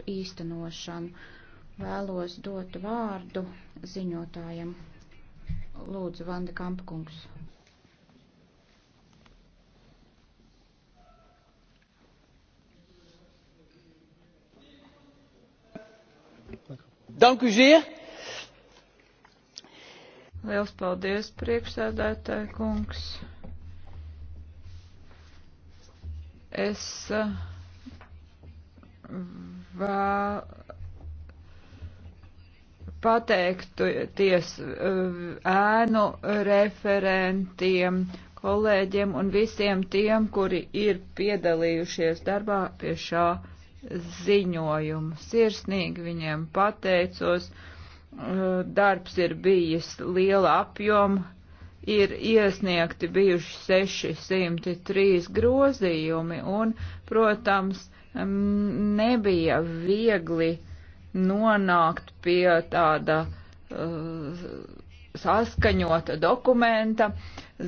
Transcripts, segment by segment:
aktu īstenošanu. Vēlos dot vārdu ziņotājam. Lūdzu, Vanda Kampkungs. Dank u zeer. Liels paldies, priekšsēdētāji kungs. Es uh, vēl pateikties eh, ēnu referentiem, kolēģiem un visiem tiem, kuri ir piedalījušies darbā pie šā ziņojuma. Sirsnīgi viņiem pateicos, eh, darbs ir bijis liela apjoma, ir iesniegti bijuši 603 grozījumi un, protams, nebija viegli nonākt pie tāda uh, saskaņota dokumenta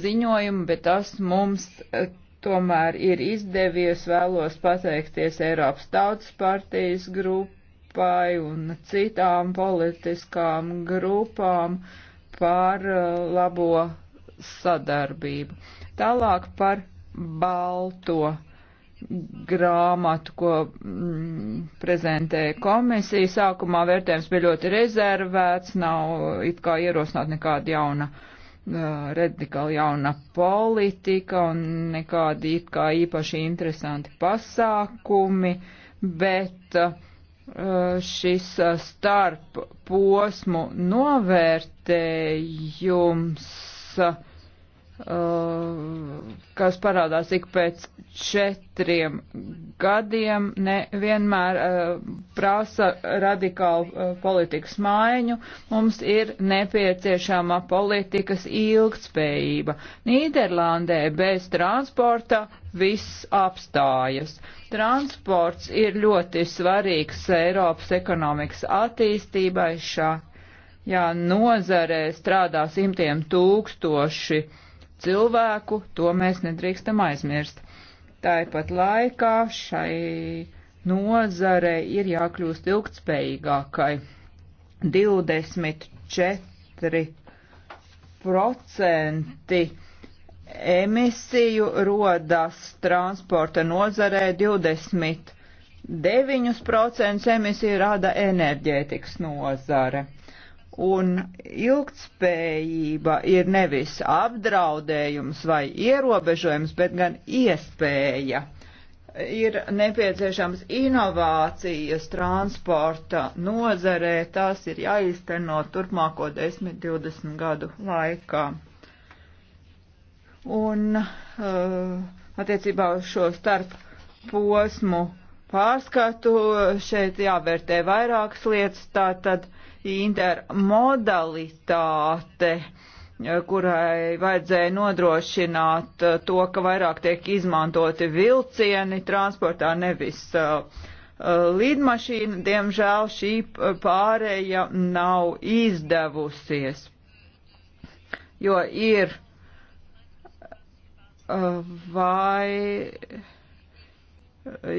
ziņojuma, bet tas mums eh, tomēr ir izdevies. Vēlos pateikties Eiropas Tautas partijas grupai un citām politiskām grupām par eh, labo sadarbību. Tālāk par balto grāmatu, ko mm, prezentēja komisija. Sākumā vērtējums bija ļoti rezervēts, nav it kā ierosināt nekāda jauna, uh, radikāli jauna politika un nekādi it kā īpaši interesanti pasākumi, bet uh, šis uh, starp posmu novērtējums uh, Uh, kas parādās ik pēc četriem gadiem, nevienmēr uh, prasa radikālu uh, politikas mājiņu. Mums ir nepieciešama politikas ilgtspējība. Nīderlandē bez transporta viss apstājas. Transports ir ļoti svarīgs Eiropas ekonomikas attīstībai šā. Jā, nozarē strādā simtiem tūkstoši uh, cilvēku, to mēs nedrīkstam aizmirst. Tāpat laikā šai nozarei ir jākļūst ilgtspējīgākai. 24% emisiju rodas transporta nozarē, 29% emisiju rada enerģētikas nozare. Un ilgtspējība ir nevis apdraudējums vai ierobežojums, bet gan iespēja. Ir nepieciešams inovācijas transporta nozarē, tās ir jāizteno turpmāko 10-20 gadu laikā. Un uh, attiecībā uz šo starp posmu pārskatu šeit jāvērtē vairākas lietas, tātad uh, intermodalitāte kurai vajadzēja nodrošināt uh, to, ka vairāk tiek izmantoti vilcieni transportā, nevis uh, uh lidmašīna, diemžēl šī pārēja nav izdevusies, jo ir uh, vai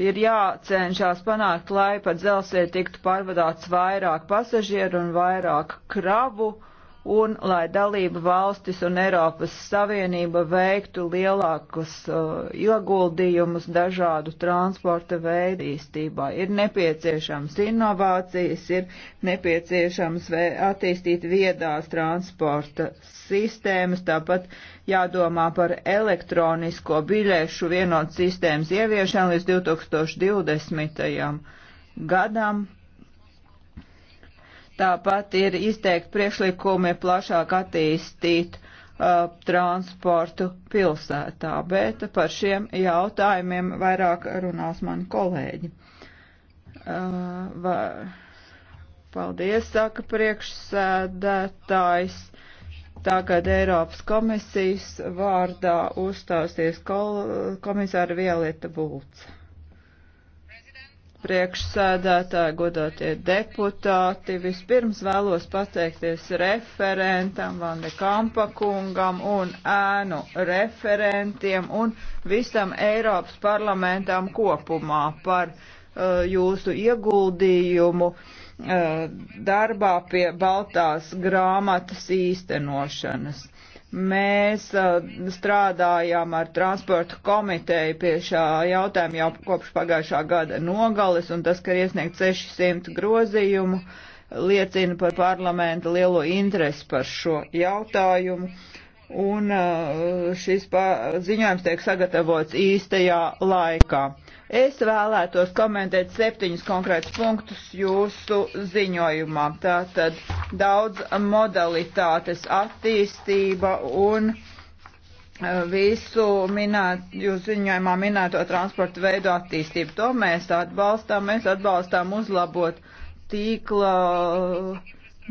ir jācenšas panākt, lai pa dzelzceļu tiktu pārvadāts vairāk pasažieru un vairāk kravu. Uh, un lai dalība valstis un Eiropas Savienība veiktu lielākus uh, ieguldījumus dažādu transporta veidu īstībā. Ir nepieciešams inovācijas, ir nepieciešams attīstīt viedās transporta sistēmas, tāpat jādomā par elektronisko biļešu vienot sistēmas ieviešanu līdz 2020. gadam Tāpat ir izteikti priekšlikumi plašāk attīstīt uh, transportu pilsētā, bet par šiem jautājumiem vairāk runās mani kolēģi. Uh, va, paldies, saka priekšsēdētājs. Tagad Eiropas komisijas vārdā uzstāsies kol, komisāra Violeta Bulca priekšsēdētāji, godotie deputāti. Vispirms vēlos pateikties referentam Vande Kampakungam un ēnu referentiem un visam Eiropas parlamentam kopumā par uh, jūsu ieguldījumu uh, darbā pie Baltās grāmatas īstenošanas. Mēs uh, strādājām ar transporta komiteju pie šā jautājuma jau kopš pagājušā gada nogales, un tas, ka ir iesniegt 600 grozījumu, liecina par parlamenta lielo interesi par šo jautājumu. Un uh, šis ziņojums tiek sagatavots īstajā laikā. Es vēlētos komentēt septiņus konkrētus punktus jūsu ziņojumā. Tātad daudz modalitātes attīstība un e, visu minēt, jūs ziņojumā minēto transporta veidu attīstību. To mēs atbalstām, mēs atbalstām uzlabot tīkla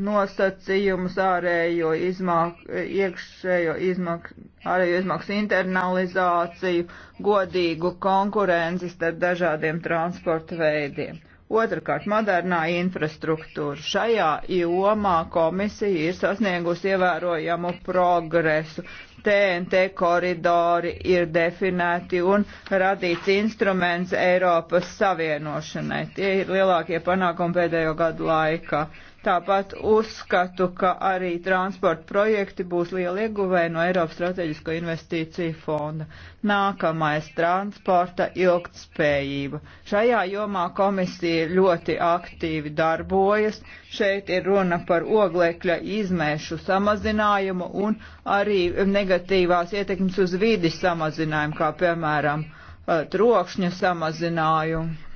nosacījumus ārējo izmaksu, iekšējo izmaksu, ārējo izmaksu internalizāciju, godīgu konkurenci starp dažādiem transporta veidiem. Otrakārt, modernā infrastruktūra. Šajā jomā komisija ir sasniegusi ievērojamu progresu. TNT koridori ir definēti un radīts instruments Eiropas savienošanai. Tie ir lielākie panākumi pēdējo gadu laikā. Tāpat uzskatu, ka arī transporta projekti būs liela ieguvēja no Eiropas strateģisko investīciju fonda. Nākamais - transporta ilgtspējība. Šajā jomā komisija ļoti aktīvi darbojas. Šeit ir runa par oglekļa izmēšu samazinājumu un arī negatīvās ietekmes uz vidi samazinājumu, kā piemēram eh, trokšņa samazinājumu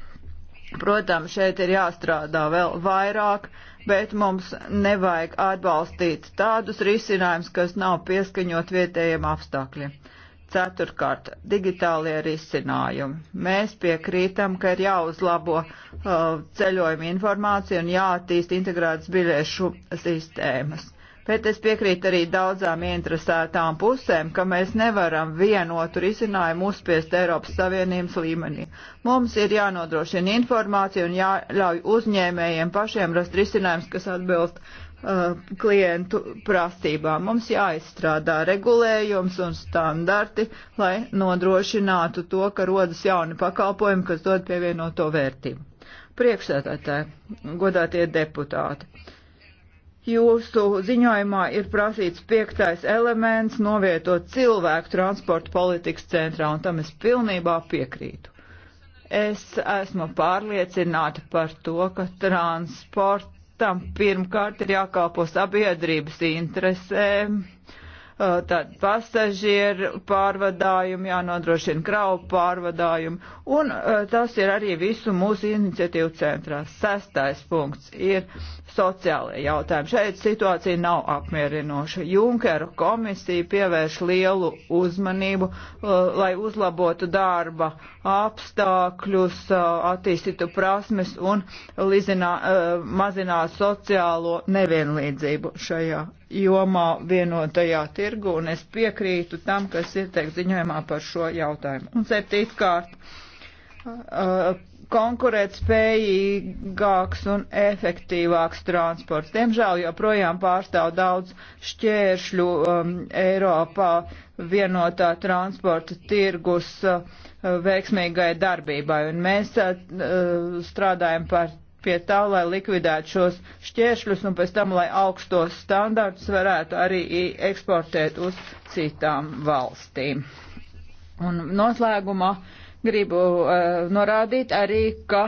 Protams, šeit ir jāstrādā vēl vairāk, bet mums nevajag atbalstīt tādus risinājumus, kas nav pieskaņot vietējiem apstākļiem. Ceturkārt, digitālie risinājumi. Mēs piekrītam, ka ir jāuzlabo uh, ceļojuma informācija un jāattīst integrētas biļešu sistēmas. Bet es piekrītu arī daudzām interesētām pusēm, ka mēs nevaram vienotu risinājumu uzspiest Eiropas Savienības līmenī. Mums ir jānodrošina informācija un jāļauj uzņēmējiem pašiem rast risinājums, kas atbilst uh, klientu prasībām. Mums jāizstrādā regulējums un standarti, lai nodrošinātu to, ka rodas jauni pakalpojumi, kas dod pievienoto vērtību. Priekšsētātāji, godātie deputāti. Jūsu ziņojumā ir prasīts piektais elements novietot cilvēku transporta politikas centrā, un tam es pilnībā piekrītu. Es esmu pārliecināta par to, ka transportam pirmkārt ir jākalpo sabiedrības interesēm. Eh, Uh, tad pasažieru pārvadājumi, jānodrošina kravu pārvadājumi, un uh, tas ir arī visu mūsu iniciatīvu centrā. Sestais punkts ir sociālajie jautājumi. Šeit situācija nav apmierinoša. Junkeru komisija pievērš lielu uzmanību, uh, lai uzlabotu darba apstākļus, attīstītu prasmes un lizinā, mazinās sociālo nevienlīdzību šajā jomā vienotajā tirgu, un es piekrītu tam, kas ir teikt ziņojumā par šo jautājumu. Un septītkārt, uh, konkurēt spējīgāks un efektīvāks transports. Diemžēl joprojām pārstāv daudz šķēršļu um, Eiropā vienotā transporta tirgus uh, veiksmīgai darbībai, un mēs uh, strādājam par pie tā, lai likvidētu šos šķēršļus un pēc tam, lai augstos standartus varētu arī eksportēt uz citām valstīm. Un noslēgumā gribu uh, norādīt arī, ka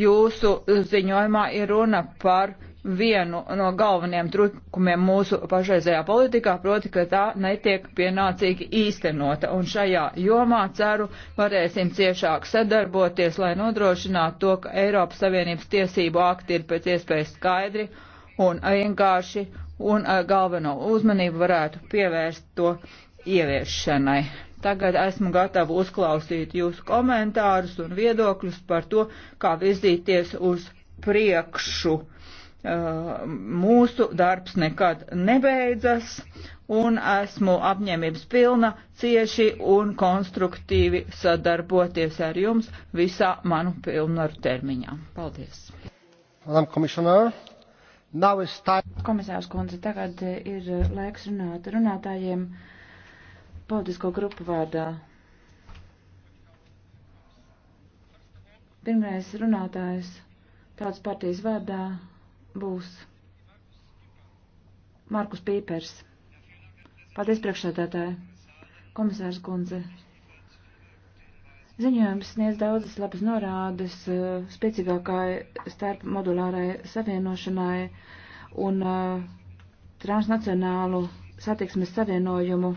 jūsu ziņojumā ir runa par vienu no galvenajiem trūkumiem mūsu pašreizējā politikā, proti, ka tā netiek pienācīgi īstenota. Un šajā jomā ceru varēsim ciešāk sadarboties, lai nodrošinātu to, ka Eiropas Savienības tiesību akti ir pēc iespējas skaidri un vienkārši un eh, galveno uzmanību varētu pievērst to ieviešanai. Tagad esmu gatava uzklausīt jūsu komentārus un viedokļus par to, kā virzīties uz priekšu Eh, mūsu darbs nekad nebeidzas, un esmu apņēmības pilna cieši un konstruktīvi sadarboties ar jums visā manu pilnvaru termiņā. Paldies! Komisārs kundze, tagad ir laiks runāt runātājiem politisko grupu vārdā. Pirmais runātājs tāds partijas vārdā būs Markus Pīpers. Paldies priekšsēdētāji, komisārs kundze. Ziņojums sniedz daudzas labas norādes eh, spēcīgākai starp modulārai savienošanai un uh, transnacionālu satiksmes savienojumu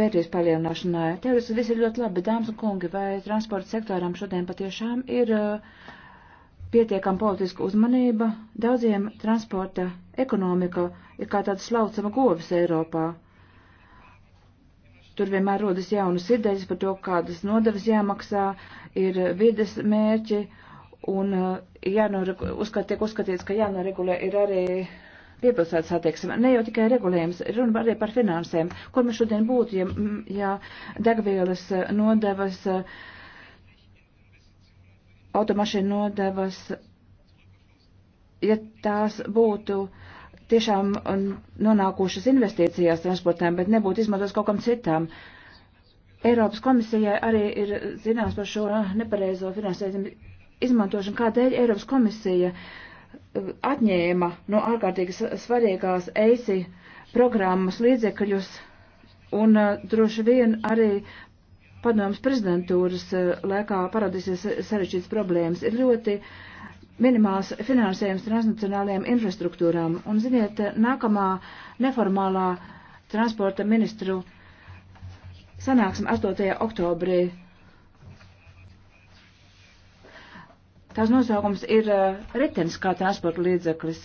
vērtības palielināšanai. Teorētiski viss ir ļoti labi, dāmas un kungi, vai transporta sektoram šodien patiešām ir uh, pietiekama politiska uzmanība, daudziem transporta ekonomika ir kā tāda slaucama govis Eiropā. Tur vienmēr rodas jaunas idejas par to, kādas nodevas jāmaksā, ir vides mērķi, un eh, uzskat, tiek uzskatīts, ka jānoregulē ir arī piepilsētas attieksme. Ne jau tikai regulējums, runa arī par finansēm, kur mēs šodien būtu, ja, ja degvielas eh, nodevas. Uh, automašīnu nodevas, ja tās būtu tiešām nonākušas investīcijās transportēm, bet nebūtu izmantotas kaut kam citam. Eiropas komisijai arī ir zināms par šo nepareizo finansējumu izmantošanu, kādēļ Eiropas komisija eh, atņēma no ārkārtīgi svarīgās EISI programmas līdzekļus un eh, droši vien arī padomas prezidentūras eh, laikā parādīsies sarežģītas problēmas. Ir ļoti minimāls finansējums transnacionālajām infrastruktūrām. Un, ziniet, eh, nākamā neformālā transporta ministru sanāksme 8. oktobrī. Tās nosaukums ir eh, ritenis kā transporta līdzeklis.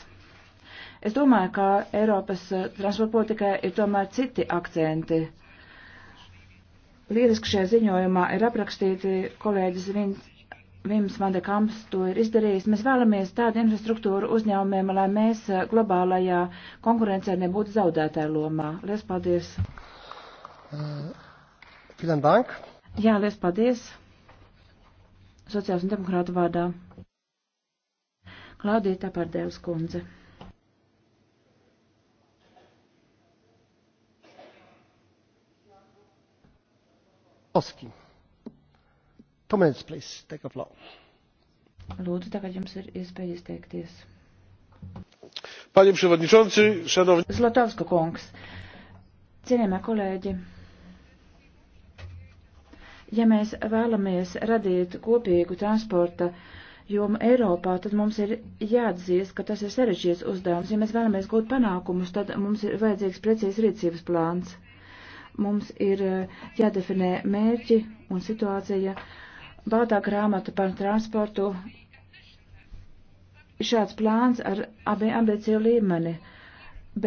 Es domāju, ka Eiropas transporta politikai ir tomēr citi akcenti Lieliski šajā ziņojumā ir aprakstīti kolēģis Vins, Vims Vandekams to ir izdarījis. Mēs vēlamies tādu infrastruktūru uzņēmumiem, lai mēs eh, globālajā konkurencē nebūtu zaudētāju lomā. Lies paldies! Uh, Jā, lies paldies! Sociāls un demokrāta vārdā. Klaudija Tapardēvs kundze. Oski. Two minutes, please. Take a floor. Lūdzu, tagad jums ir iespēja izteikties. Panie przewodniczący, szanowni... Zlotowsko kungs, cienījamie kolēģi, ja mēs vēlamies radīt kopīgu transporta jomu Eiropā, tad mums ir jāatzīst, ka tas ir sarežģīts uzdevums. Ja mēs vēlamies gūt panākumus, tad mums ir vajadzīgs precīzs rīcības plāns mums ir eh, jādefinē mērķi un situācija. Baltā grāmata par transportu šāds plāns ar abi ambīciju līmeni,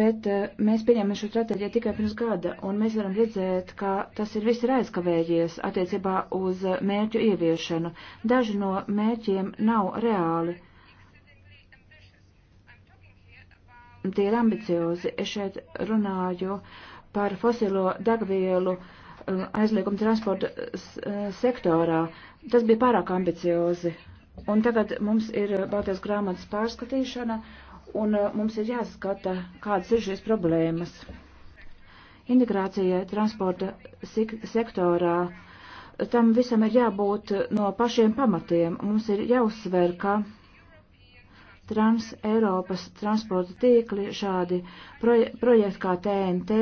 bet eh, mēs pieņēmām šo stratēģiju tikai pirms gada, un mēs varam redzēt, ka tas ir viss ir aizkavējies attiecībā uz eh, mērķu ieviešanu. Daži no mērķiem nav reāli. Tie ir ambiciozi. Es šeit runāju uh, par fosilo degvielu um, aizliegumu transporta uh, sektorā. Tas bija pārāk ambiciozi. Un tagad mums ir uh, Baltijas grāmatas pārskatīšana, un uh, mums ir jāskata, kādas ir šīs problēmas. Integrācija transporta sektorā, tam visam ir jābūt no pašiem pamatiem. Mums ir jāuzsver, ka Trans Eiropas transporta tīkli šādi proje projekti kā TNT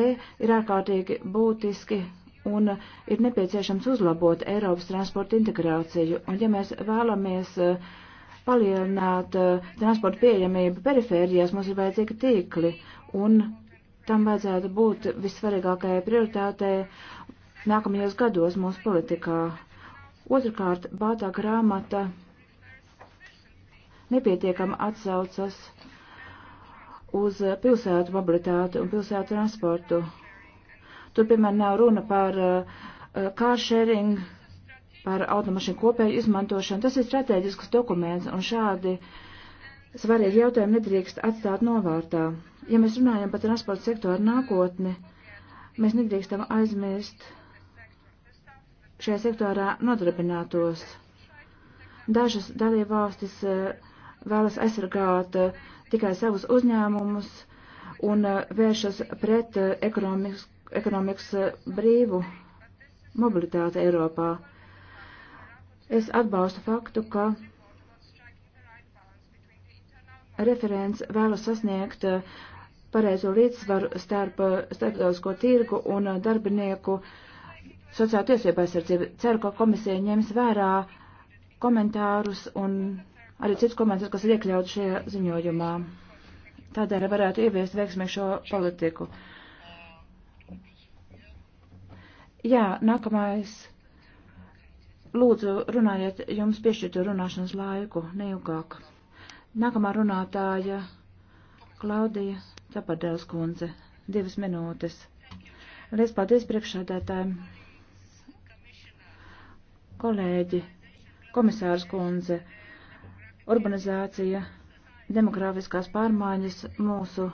ir ārkārtīgi būtiski un ir nepieciešams uzlabot Eiropas transporta integrāciju. Un ja mēs vēlamies eh, palielināt eh, transporta pieejamību perifērijās, mums ir vajadzīgi tīkli un tam vajadzētu būt vissvarīgākajai prioritātei nākamajos gados mūsu politikā. Otrakārt, bātā grāmata nepietiekam atsaucas uz pilsētu mobilitāti un pilsētu transportu. Tur, piemēram, nav runa par kāršēringu, eh, par automašīnu kopēju izmantošanu. Tas ir strateģisks dokuments, un šādi svarīgi jautājumi nedrīkst atstāt novārtā. Ja mēs runājam par transporta sektoru nākotni, mēs nedrīkstam aizmirst šajā sektorā nodarbinātos. Dažas dalībvalstis uh, vēlas aizsargāt eh, tikai savus uzņēmumus un eh, vēršas pret eh, ekonomikas, ekonomikas brīvu mobilitāti Eiropā. Es atbalstu faktu, ka referents vēlas sasniegt pareizo līdzsvaru starp starptautisko tirgu un darbinieku sociālo tiesību aizsardzību. Ceru, ka komisija ņems vērā komentārus un arī cits komentārs, kas ir iekļauts šajā ziņojumā. Tādēļ varētu ieviest veiksmīgu šo politiku. Jā, nākamais. Lūdzu, runājiet, jums piešķirtu runāšanas laiku, neilgāk. Nākamā runātāja Klaudija Tapadēls kundze, divas minūtes. Lies paldies priekšsēdētājiem. Kolēģi, komisārs kundze urbanizācija, demografiskās pārmaiņas mūsu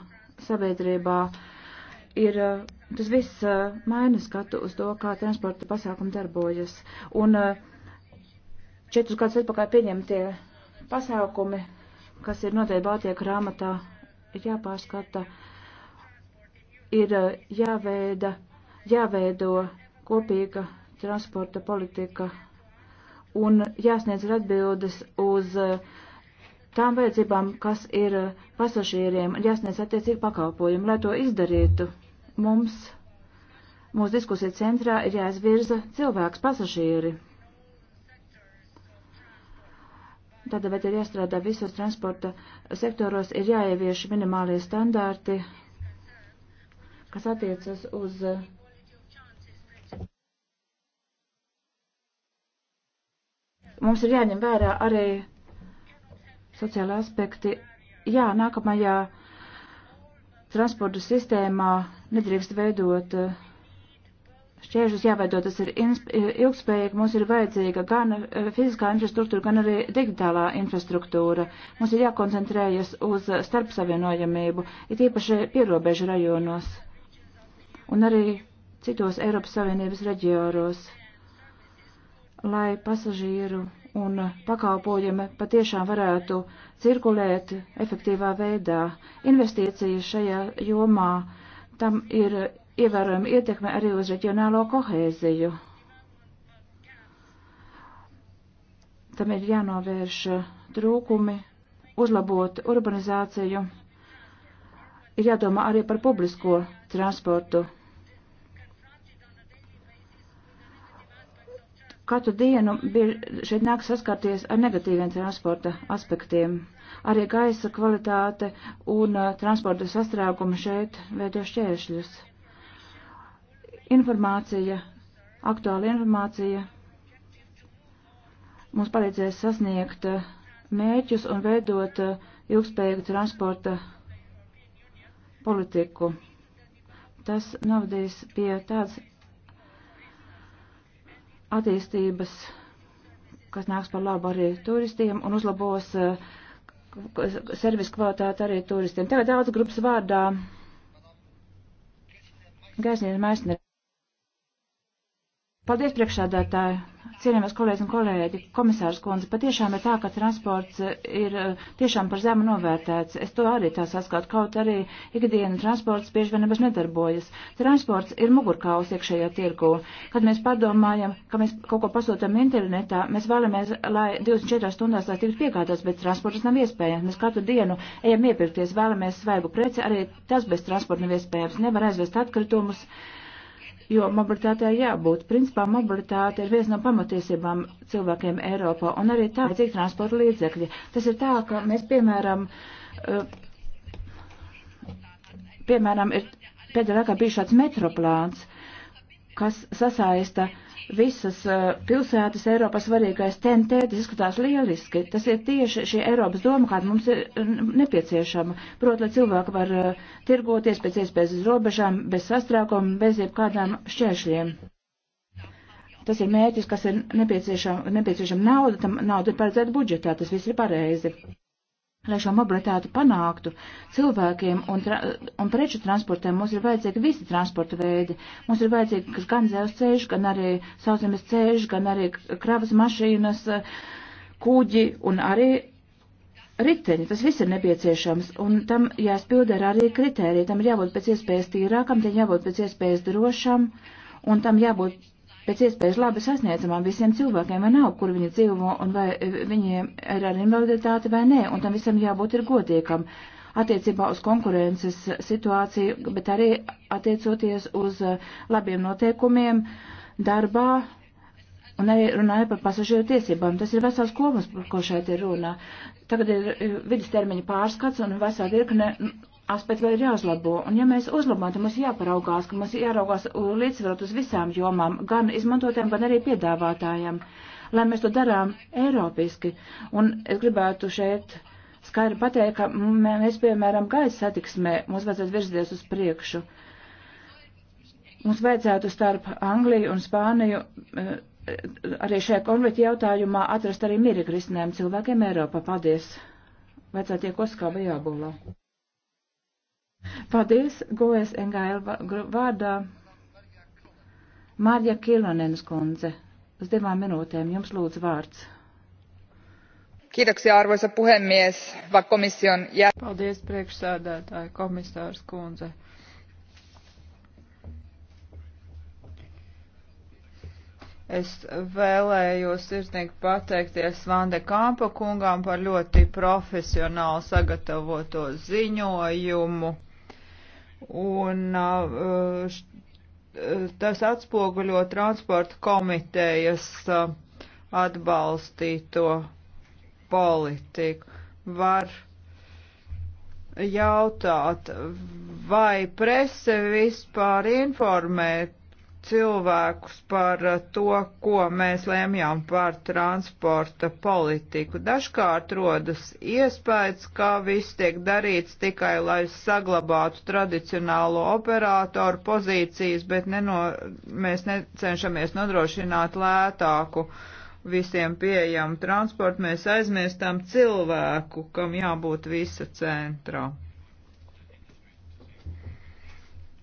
sabiedrībā ir, eh, tas viss eh, maina skatu uz to, kā transporta pasākumi darbojas. Un eh, četrus gadus atpakaļ pieņemtie pasākumi, kas ir noteikti Baltijā grāmatā, ir jāpārskata, ir jāveida, jāveido kopīga transporta politika un jāsniedz ir atbildes uz eh, tām vajadzībām, kas ir eh, pasažieriem, jāsniedz attiecīgi pakalpojumi. Lai to izdarītu, mums, mūsu diskusija centrā ir jāizvirza cilvēks pasažieri. Tādēļ ir jāstrādā visos transporta sektoros, ir jāievieš minimālie standarti, kas attiecas uz uh, Mums ir jāņem vērā arī sociālai aspekti. Jā, nākamajā transporta sistēmā nedrīkst veidot eh, šķēršļus, jāveido tas ir ilgspējīgi. Mums ir vajadzīga gan eh, fiziskā infrastruktūra, gan arī digitālā infrastruktūra. Mums ir jākoncentrējas uz starpsavienojamību, it īpaši pierobežu rajonos un arī citos Eiropas Savienības reģionos lai pasažieru un pakalpojumi patiešām varētu cirkulēt efektīvā veidā. Investīcijas šajā jomā tam ir ievērojama ietekme arī uz reģionālo kohēziju. Tam ir jānovērš trūkumi, uzlabot urbanizāciju. Ir jādomā arī par publisko transportu Katru dienu šeit nāk saskarties ar negatīviem transporta aspektiem. Arī gaisa kvalitāte un uh, transporta sastrēgumi šeit veido šķēršļus. Informācija, aktuāla informācija mums palīdzēs sasniegt uh, mērķus un veidot uh, ilgspējīgu transporta politiku. Tas novadīs pie tādas attīstības, kas nāks par labu arī turistiem un uzlabos eh, servisu kvalitāti arī turistiem. Tagad daudz grupas vārdā. Gaisnība Maisner. Paldies, priekšsādātāji! Cienījamies kolēģis un kolēģi, komisārs kundze, patiešām ir tā, ka transports eh, ir eh, tiešām par zemu novērtēts. Es to arī tā saskatu, kaut arī ikdiena transports bieži vien nebaz nedarbojas. Transports ir mugurkaus iekšējā tirgu. Kad mēs padomājam, ka mēs kaut ko pasūtam internetā, mēs vēlamies, lai 24 stundās tā tiktu piegādāts, bet transports nav iespējams. Mēs katru dienu ejam iepirkties, vēlamies svaigu preci, arī tas bez transporta nav iespējams. Nevar aizvest atkritumus. Uh, jo mobilitātē jābūt. Principā mobilitāte ir viens no pamatiesībām cilvēkiem Eiropā, un arī tā, cik transporta līdzekļi. Tas ir tā, ka mēs, piemēram, eh, piemēram, ir pēdējā laikā bijis šāds metroplāns, kas sasaista uh, visas eh, pilsētas Eiropas svarīgais TNT izskatās lieliski. Tas ir tieši šī Eiropas doma, kāda mums ir nepieciešama. Proti, lai cilvēki var eh, tirgoties pēc iespējas uz robežām, bez sastrēgumiem, bez jebkādām šķēršļiem. Tas ir mērķis, kas ir nepieciešama, nepieciešama nauda, tam nauda ir paredzēta budžetā, tas viss ir pareizi. Lai šo mobilitāti panāktu cilvēkiem un, tra un preču transportiem, mums ir vajadzīgi visi transporta veidi. Mums ir vajadzīgi gan dzelzceļš, gan arī sauszemes ceļš, gan arī kravas mašīnas, kuģi un arī riteņi, tas viss ir nepieciešams, un tam jāspilda ar arī kritērija, tam ir jābūt pēc iespējas tīrākam, tam jābūt pēc iespējas drošam, un tam jābūt pēc iespējas labi sasniedzamām visiem cilvēkiem, vai nav, kur viņi dzīvo un vai eh, viņiem ir ar invaliditāti vai nē, un tam visam jābūt ir godīgam attiecībā uz konkurences situāciju, bet arī attiecoties uz eh, labiem noteikumiem darbā un arī runāja par pasažieru tiesībām. Tas ir vesels komas, par ko šeit ir runa. Tagad ir eh, vidustermiņa pārskats un vesela virkne aspekti vēl ir jāuzlabo, un ja mēs uzlabojam, tad mums jāparaugās, ka mums jāraugās uh, līdzsvarot uz visām jomām, gan izmantotiem, gan arī piedāvātājiem, lai mēs to darām eiropiski. Un es gribētu šeit skaidri pateikt, ka mēs, piemēram, gaisa satiksmē mums vajadzētu virzīties uz priekšu. Mums vajadzētu starp Angliju un Spāniju uh, arī šajā konflikta jautājumā atrast arī mirikrisinājumu cilvēkiem Eiropā. Paldies! Vajadzētu tiek uzskāba jābūlā. Paldies, Gojas NGL vārdā. Mārja Kilonenes kundze, uz divām minūtēm jums lūdzu vārds. Kiitoksia, arvoisa puhemies, va komission jä... Paldies, priekšsēdētāji, komisārs kundze. Es vēlējos sirsnīgi pateikties Vande Kampa kungām par ļoti profesionāli sagatavoto ziņojumu. Un uh, uh, tas atspoguļo transporta komitejas uh, atbalstīto politiku. Var jautāt, vai prese vispār informē cilvēkus par eh, to, ko mēs lēmjām par transporta politiku. Dažkārt rodas iespējas, ka viss tiek darīts tikai, lai saglabātu tradicionālo operātoru pozīcijas, bet neno, mēs necenšamies nodrošināt lētāku visiem pieejamu transportu. Mēs aizmirstam cilvēku, kam jābūt visa centrā.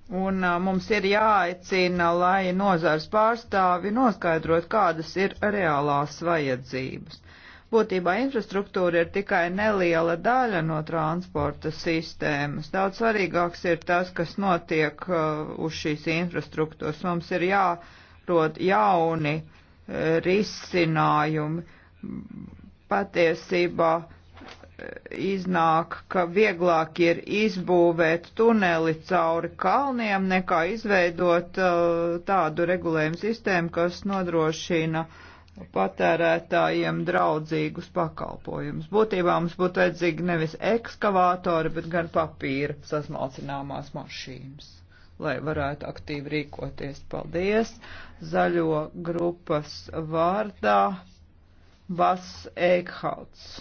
Un mums ir jāaicina, lai nozars pārstāvi noskaidrot, kādas ir reālās vajadzības. Būtībā infrastruktūra ir tikai neliela daļa no transporta sistēmas. Daudz svarīgāks ir tas, kas notiek uh, uz šīs infrastruktūras. Mums ir jārod jauni uh, risinājumi. Patiesībā uh, iznāk, ka vieglāk ir izbūvēt tuneli cauri kalniem nekā izveidot uh, tādu regulējumu sistēmu, kas nodrošina patērētājiem draudzīgus pakalpojumus. Būtībā mums būtu vajadzīgi nevis ekskavātori, bet gan papīra sasmalcināmās mašīnas, lai varētu aktīvi rīkoties. Paldies! Zaļo grupas vārdā Bas Eikhauts.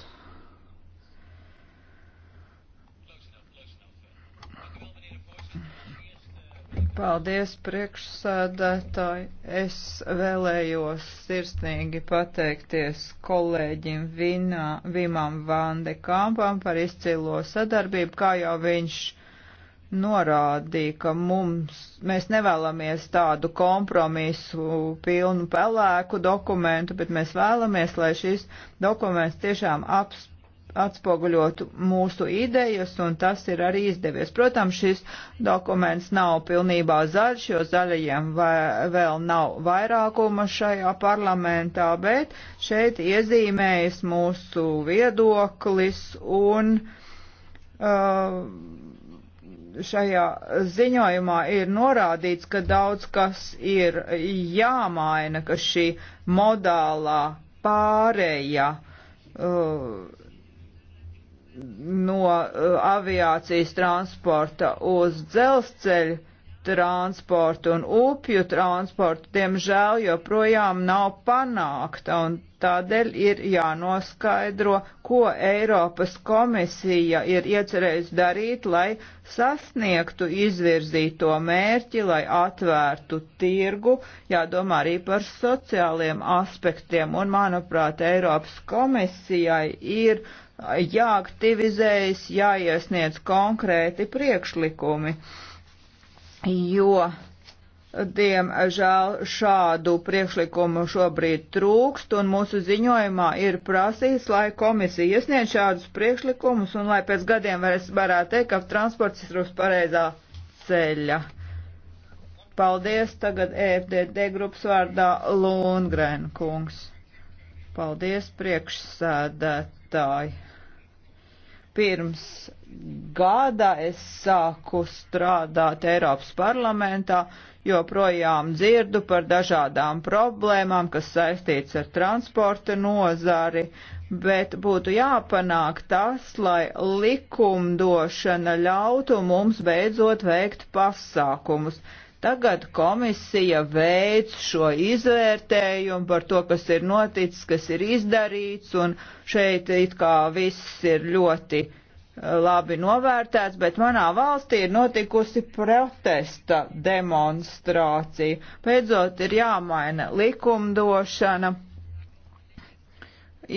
Paldies, priekšsēdētāji. Es vēlējos sirsnīgi pateikties kolēģim Vinā, Vimam Vande Kampam par izcilo sadarbību, kā jau viņš norādīja, ka mums, mēs nevēlamies tādu kompromisu pilnu pelēku dokumentu, bet mēs vēlamies, lai šis dokuments tiešām apspēj atspoguļot mūsu idejas, un tas ir arī izdevies. Protams, šis dokuments nav pilnībā zaļš, jo zaļajiem vēl nav vairākuma šajā parlamentā, bet šeit iezīmējas mūsu viedoklis un. Uh, šajā ziņojumā ir norādīts, ka daudz kas ir jāmaina, ka šī modālā pārēja uh, no eh, aviācijas transporta uz dzelzceļu transportu un upju transportu, diemžēl, joprojām nav panākta, un tādēļ ir jānoskaidro, ko Eiropas komisija ir iecerējusi darīt, lai sasniegtu izvirzīto mērķi, lai atvērtu tirgu, jādomā arī par sociāliem aspektiem, un, manuprāt, Eiropas komisijai ir uh, jāaktivizējas, jāiesniedz konkrēti priekšlikumi, jo, diemžēl, šādu priekšlikumu šobrīd trūkst, un mūsu ziņojumā ir prasīts, lai komisija iesniedz šādus priekšlikumus, un lai pēc gadiem varētu teikt, ka transports ir uz pareizā ceļa. Paldies, tagad EFDD grupas vārdā Lūngrēn kungs. Paldies, priekšsēdētāji pirms gada es sāku strādāt Eiropas parlamentā, joprojām dzirdu par dažādām problēmām, kas saistīts ar transporta nozari, bet būtu jāpanāk tas, lai likumdošana ļautu mums beidzot veikt pasākumus. Tagad komisija veic šo izvērtējumu par to, kas ir noticis, kas ir izdarīts, un šeit it kā viss ir ļoti eh, labi novērtēts, bet manā valstī ir notikusi protesta demonstrācija. Beidzot ir jāmaina likumdošana.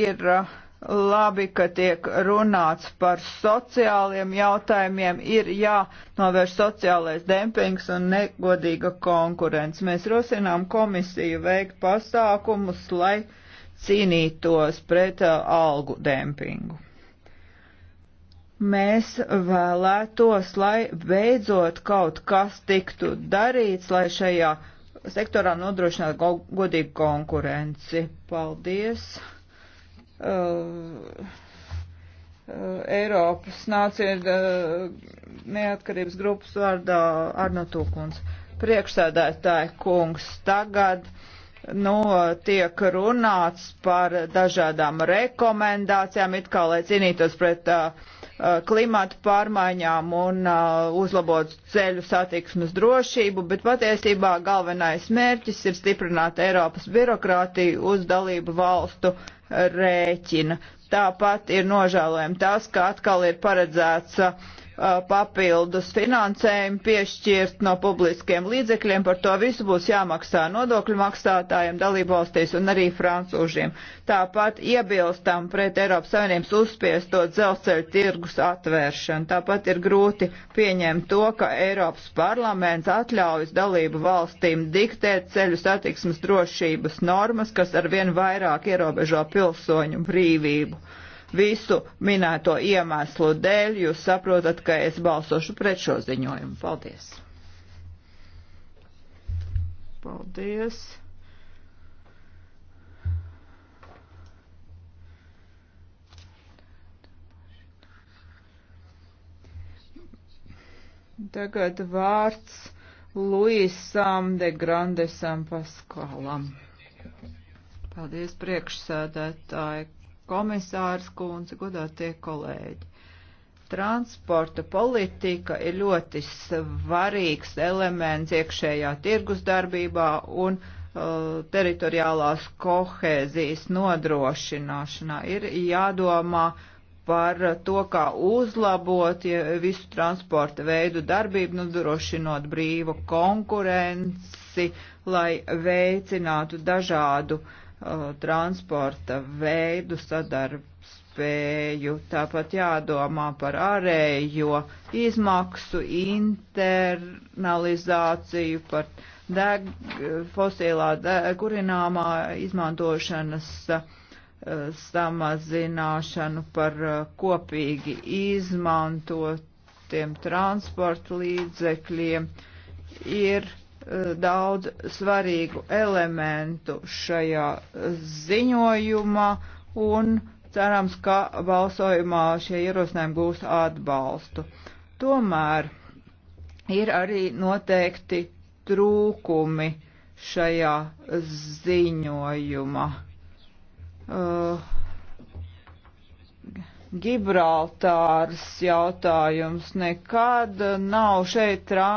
Ir uh, Labi, ka tiek runāts par sociāliem jautājumiem, ir jānovērš sociālais dempings un negodīga konkurence. Mēs rosinām komisiju veikt pasākumus, lai cīnītos pret uh, algu dempingu. Mēs vēlētos, lai beidzot kaut kas tiktu darīts, lai šajā sektorā nodrošinātu godīgu konkurenci. Paldies! uh, Eiropas nācijas uh, neatkarības grupas vārdā Arno Tūkuns. Priekšsēdētāji kungs tagad nu, tiek runāts par dažādām rekomendācijām, it kā lai cīnītos pret uh, Uh, klimatu pārmaiņām un uh, uzlabot ceļu satiksmes drošību, bet patiesībā galvenais mērķis ir stiprināt Eiropas birokrātiju uz dalību valstu rēķina. Tāpat ir nožēlojami tas, ka atkal ir paredzēts uh, Uh, papildus finansējumu piešķirt no publiskiem līdzekļiem. Par to visu būs jāmaksā nodokļu maksātājiem dalībvalstīs un arī francūžiem. Tāpat iebilstam pret Eiropas Savienības uzspiesto dzelzceļu tirgus atvēršanu. Tāpat ir grūti pieņemt to, ka Eiropas parlaments atļaujas dalību valstīm diktēt ceļu satiksmes drošības normas, kas arvien vairāk ierobežo pilsoņu brīvību. Visu minēto iemeslu dēļ jūs saprotat, ka es balsošu pret šo ziņojumu. Paldies! Paldies! Tagad vārds Luisam de Grandesam Paskalam. Paldies priekšsēdētāji, komisārs kundze, godātie kolēģi. Transporta politika ir ļoti svarīgs elements iekšējā tirgus darbībā un uh, teritoriālās kohēzijas nodrošināšanā. Ir jādomā par to, kā uzlabot visu transporta veidu darbību, nodrošinot brīvu konkurenci, lai veicinātu dažādu uh, Uh, transporta veidu sadarbspēju, tāpat jādomā par ārējo izmaksu internalizāciju, par deg, fosilā kurināmā izmantošanas uh, samazināšanu, par uh, kopīgi izmantotiem transporta līdzekļiem. Ir Eh, daudz svarīgu elementu šajā ziņojumā un cerams, ka balsojumā šie ierosinājumi gūs atbalstu. Tomēr ir arī noteikti trūkumi šajā ziņojumā. Uh, Gibraltārs jautājums nekad nav šeit trā,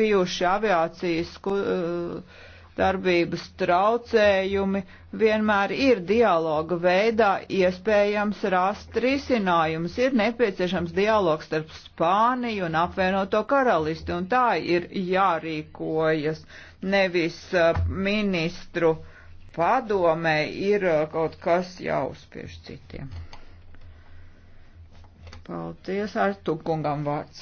bijuši aviācijas ku, eh, darbības traucējumi. Vienmēr ir dialoga veidā iespējams rast risinājums. Ir nepieciešams dialogs starp Spāniju un apvienoto karalisti, un tā ir jārīkojas nevis eh, ministru padomē ir eh, kaut kas jāuzspiež citiem. Paldies, Artukungam vārds.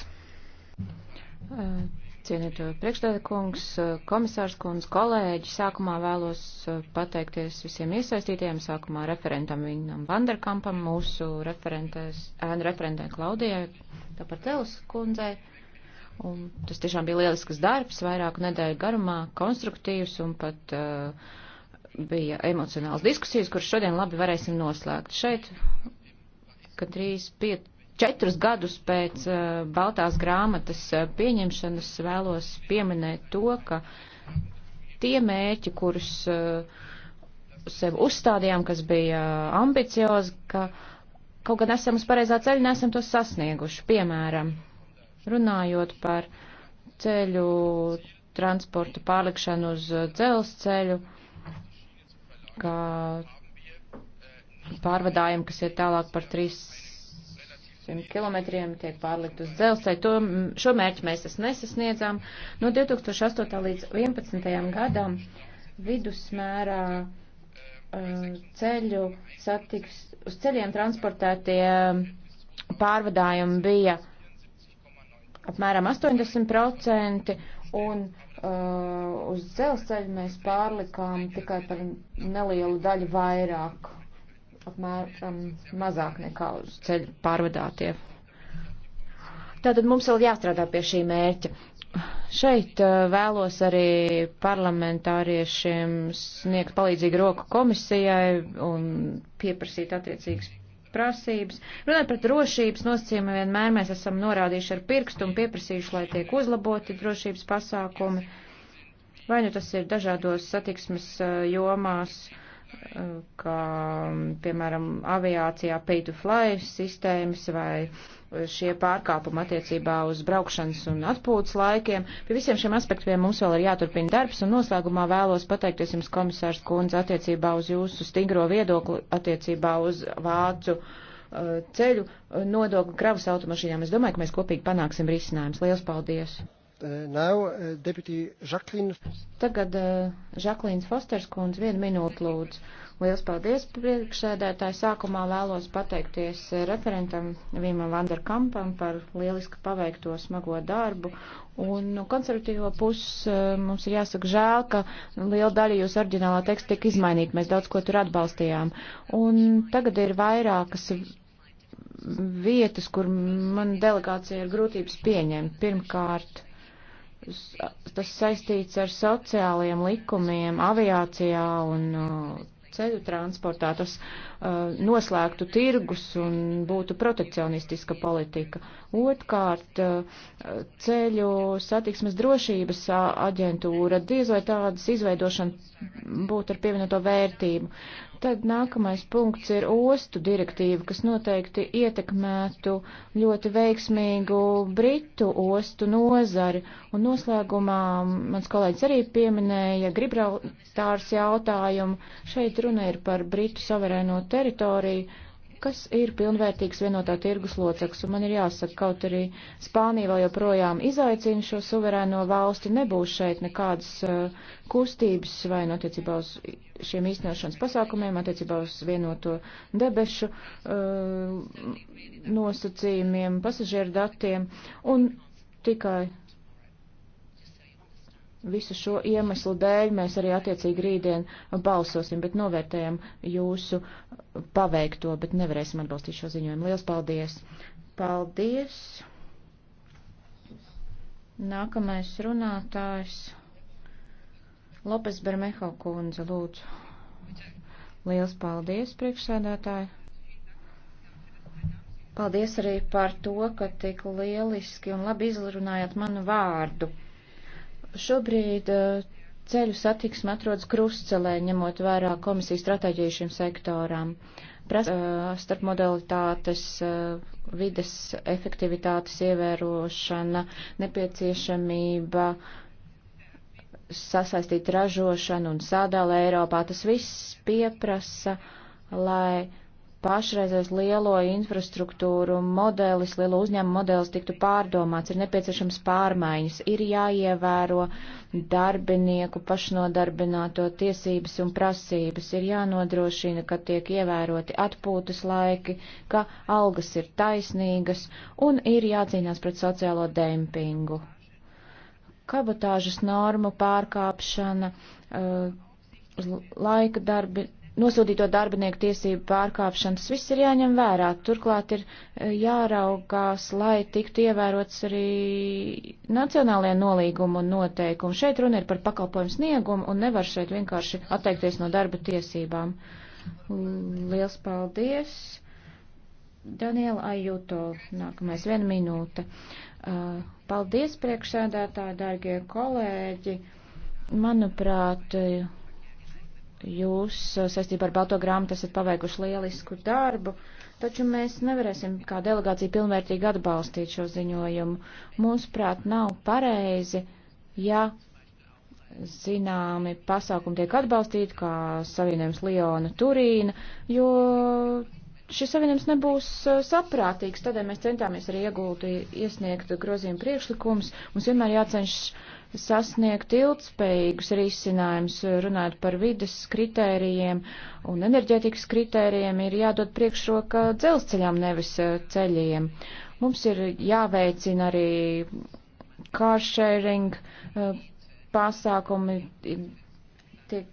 Cienīto priekšstādā kungs, komisārs kundz, kolēģi, sākumā vēlos pateikties visiem iesaistītiem, sākumā referentam Vignam Vanderkampam, mūsu ēnu referentē Klaudijai, tāpat Telis kundzei. Un tas tiešām bija lielisks darbs, vairāku nedēļu garumā, konstruktīvs un pat uh, bija emocionāls diskusijas, kuras šodien labi varēsim noslēgt. Šeit, kad 3, 5, četrus gadus pēc eh, Baltās grāmatas eh, pieņemšanas vēlos pieminēt to, ka tie mērķi, kurus eh, sev uzstādījām, kas bija ambiciozi, ka kaut gan esam uz pareizā ceļa, nesam to sasnieguši. Piemēram, runājot par ceļu transportu pārlikšanu uz dzelzceļu, kā pārvadājumu, kas ir tālāk par 3 500 kilometriem tiek pārlikt uz dzelzceļu. To, šo mērķi mēs tas nesasniedzām. No 2008. līdz 2011. gadam vidusmērā uh, ceļu satiks, uz ceļiem transportētie pārvadājumi bija apmēram 80% un uh, uz dzelzceļu mēs pārlikām tikai par nelielu daļu vairāk apmēram um, mazāk nekā uz ceļu pārvadātie. Tātad mums vēl jāstrādā pie šī mērķa. Šeit uh, vēlos arī parlamentāriešiem sniegt palīdzīgu roku komisijai un pieprasīt attiecīgas prasības. Runājot par drošības nosacījumiem, vienmēr mēs esam norādījuši ar pirkstu un pieprasījuši, lai tiek uzlaboti drošības pasākumi. Vai nu tas ir dažādos satiksmes uh, jomās. Uh, kā, piemēram, aviācijā pay-to-fly sistēmas vai šie pārkāpumi attiecībā uz braukšanas un atpūtas laikiem. Pie visiem šiem aspektiem mums vēl ir jāturpina darbs, un noslēgumā vēlos pateikties jums, komisārs Kundze, attiecībā uz jūsu stingro viedokli, attiecībā uz vācu uh, ceļu uh, nodokli kravas automašīnām. Es domāju, ka mēs kopīgi panāksim risinājums. Lielas paldies! Uh, now, uh, Jacqueline... Tagad uh, Žaklīns Fosters kundz vienu minūtu lūdzu. Liels paldies priekšsēdētāji. Sākumā vēlos pateikties uh, referentam Vīmam Vanderkampam par lieliski paveikto smago darbu. Un no konservatīvo puses uh, mums ir jāsaka žēl, ka liela daļa jūsu oriģinālā teksta tika izmainīta. Mēs daudz ko tur atbalstījām. Un tagad ir vairākas vietas, kur man delegācija ir grūtības pieņemt. Pirmkārt, tas saistīts ar sociāliem likumiem aviācijā un uh, ceļu transportā. Tas uh, noslēgtu tirgus un būtu protekcionistiska politika. Otkārt, uh, ceļu satiksmes drošības uh, aģentūra diez vai tādas izveidošana būtu ar pievienoto vērtību. Tad nākamais punkts ir ostu direktīva, kas noteikti ietekmētu ļoti veiksmīgu Britu ostu nozari. Un noslēgumā mans kolēģis arī pieminēja Gibraltārs jautājumu. Šeit runa ir par Britu saverēno teritoriju kas ir pilnvērtīgs vienotā tirgus loceklis, un man ir jāsaka, kaut arī Spānija vēl joprojām izaicina šo suverēno valsti, nebūs šeit nekādas uh, kustības vai no nu attiecībā uz šiem īstenošanas pasākumiem, attiecībā uz vienoto debešu uh, nosacījumiem, pasažieru datiem, un tikai Visu šo iemeslu dēļ mēs arī attiecīgi rītdien balsosim, bet novērtējam jūsu paveikto, bet nevarēsim atbalstīt šo ziņojumu. Lielas paldies! Paldies! Nākamais runātājs Lopes Bermeho kundze, lūdzu. Lielas paldies, priekšsēdētāji! Paldies arī par to, ka tik lieliski un labi izrunājāt manu vārdu. Šobrīd eh, ceļu satiksme atrodas krustcelē, ņemot vērā komisijas stratēģiju šim sektoram. Prasa eh, starp modalitātes, eh, vides efektivitātes ievērošana, nepieciešamība sasaistīt ražošanu un sādāle Eiropā. Tas viss pieprasa, lai pašreizais lielo infrastruktūru modelis, lielo uzņēmumu modelis tiktu pārdomāts, ir nepieciešams pārmaiņas, ir jāievēro darbinieku pašnodarbināto tiesības un prasības, ir jānodrošina, ka tiek ievēroti atpūtas laiki, ka algas ir taisnīgas un ir jācīnās pret sociālo dempingu. Kabotāžas normu pārkāpšana, eh, laika darbi, nosūtīto darbinieku tiesību pārkāpšanas, viss ir jāņem vērā. Turklāt ir e, jāraugās, lai tiktu ievērots arī nacionālajie nolīgumi un noteikumi. Šeit runa ir par pakalpojumu sniegumu un nevar šeit vienkārši atteikties no darba tiesībām. Liels paldies! Daniela Ajuto, nākamais viena minūte. E, paldies priekšsēdētāji, dārgie kolēģi! Manuprāt, Jūs eh, saistībā ar Balto grāmatu esat paveikuši lielisku darbu, taču mēs nevarēsim kā delegācija pilnvērtīgi atbalstīt šo ziņojumu. Mūsuprāt, nav pareizi, ja zināmi pasākumi tiek atbalstīti, kā Savienojums Liona Turīna, jo šis savienojums nebūs uh, saprātīgs, tādēļ mēs centāmies arī iegūt, iesniegt grozījumu priekšlikumus. Mums vienmēr jācenšas sasniegt ilgspējīgus risinājumus, runājot par vides kritērijiem un enerģētikas kritērijiem, ir jādod priekšroka dzelzceļām, nevis uh, ceļiem. Mums ir jāveicina arī car sharing uh, pasākumi, tiek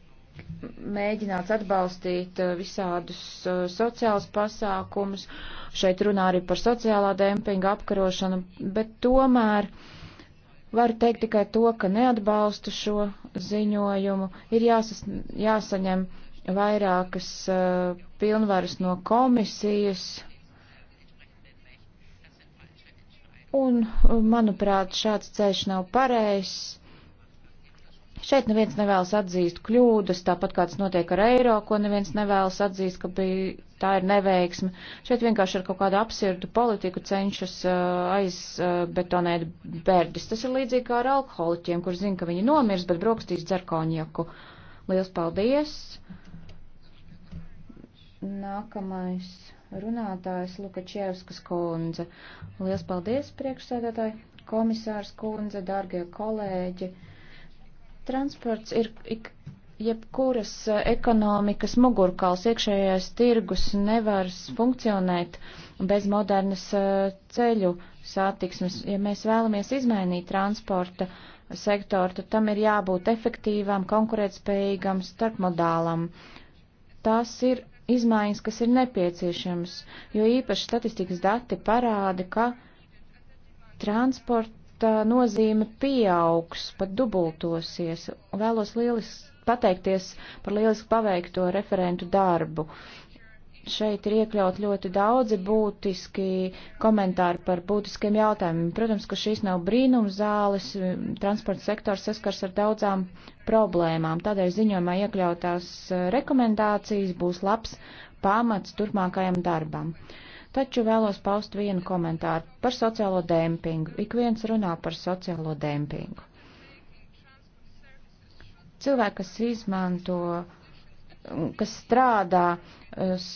mēģināts atbalstīt eh, visādus eh, sociālus pasākumus. Šeit runā arī par sociālā dempinga apkarošanu, bet tomēr varu teikt tikai to, ka neatbalstu šo ziņojumu. Ir jāsas, jāsaņem vairākas uh, pilnvaras no komisijas. Un, manuprāt, šāds ceļš nav pareizs Šeit neviens nevēlas atzīst kļūdas, tāpat kāds notiek ar eiro, ko neviens nevēlas atzīst, ka bija, tā ir neveiksme. Šeit vienkārši ar kaut kādu apsirdu politiku cenšas uh, aizbetonēt uh, bērdes. Tas ir līdzīgi kā ar alkoholiķiem, kur zina, ka viņi nomirs, bet brokstīs dzerkonjaku. Liels paldies! Nākamais runātājs Lukačievskas kundze. Liels paldies, priekšsēdētāji, komisārs kundze, dārgie kolēģi! Transports ir ik, jebkuras eh, ekonomikas mugurkauls iekšējais tirgus nevar funkcionēt bez modernas eh, ceļu satiksmes. Ja mēs vēlamies izmainīt transporta sektoru, tad tam ir jābūt efektīvam, konkurētspējīgam, starpmodālam. Tas ir izmaiņas, kas ir nepieciešams, jo īpaši statistikas dati parāda, ka transporta tā nozīme pieaugs, pat dubultosies. Vēlos lielis, pateikties par lieliski paveikto referentu darbu. Šeit ir iekļaut ļoti daudzi būtiski komentāri par būtiskiem jautājumiem. Protams, ka šīs nav brīnums zāles, transporta sektors saskars ar daudzām problēmām. Tādēļ ziņojumā iekļautās eh, rekomendācijas būs labs pamats turpmākajam darbam. Uh, Taču vēlos paust vienu komentāru par sociālo dempingu. Ik viens runā par sociālo dempingu. Cilvēki, kas izmanto, kas strādā uh,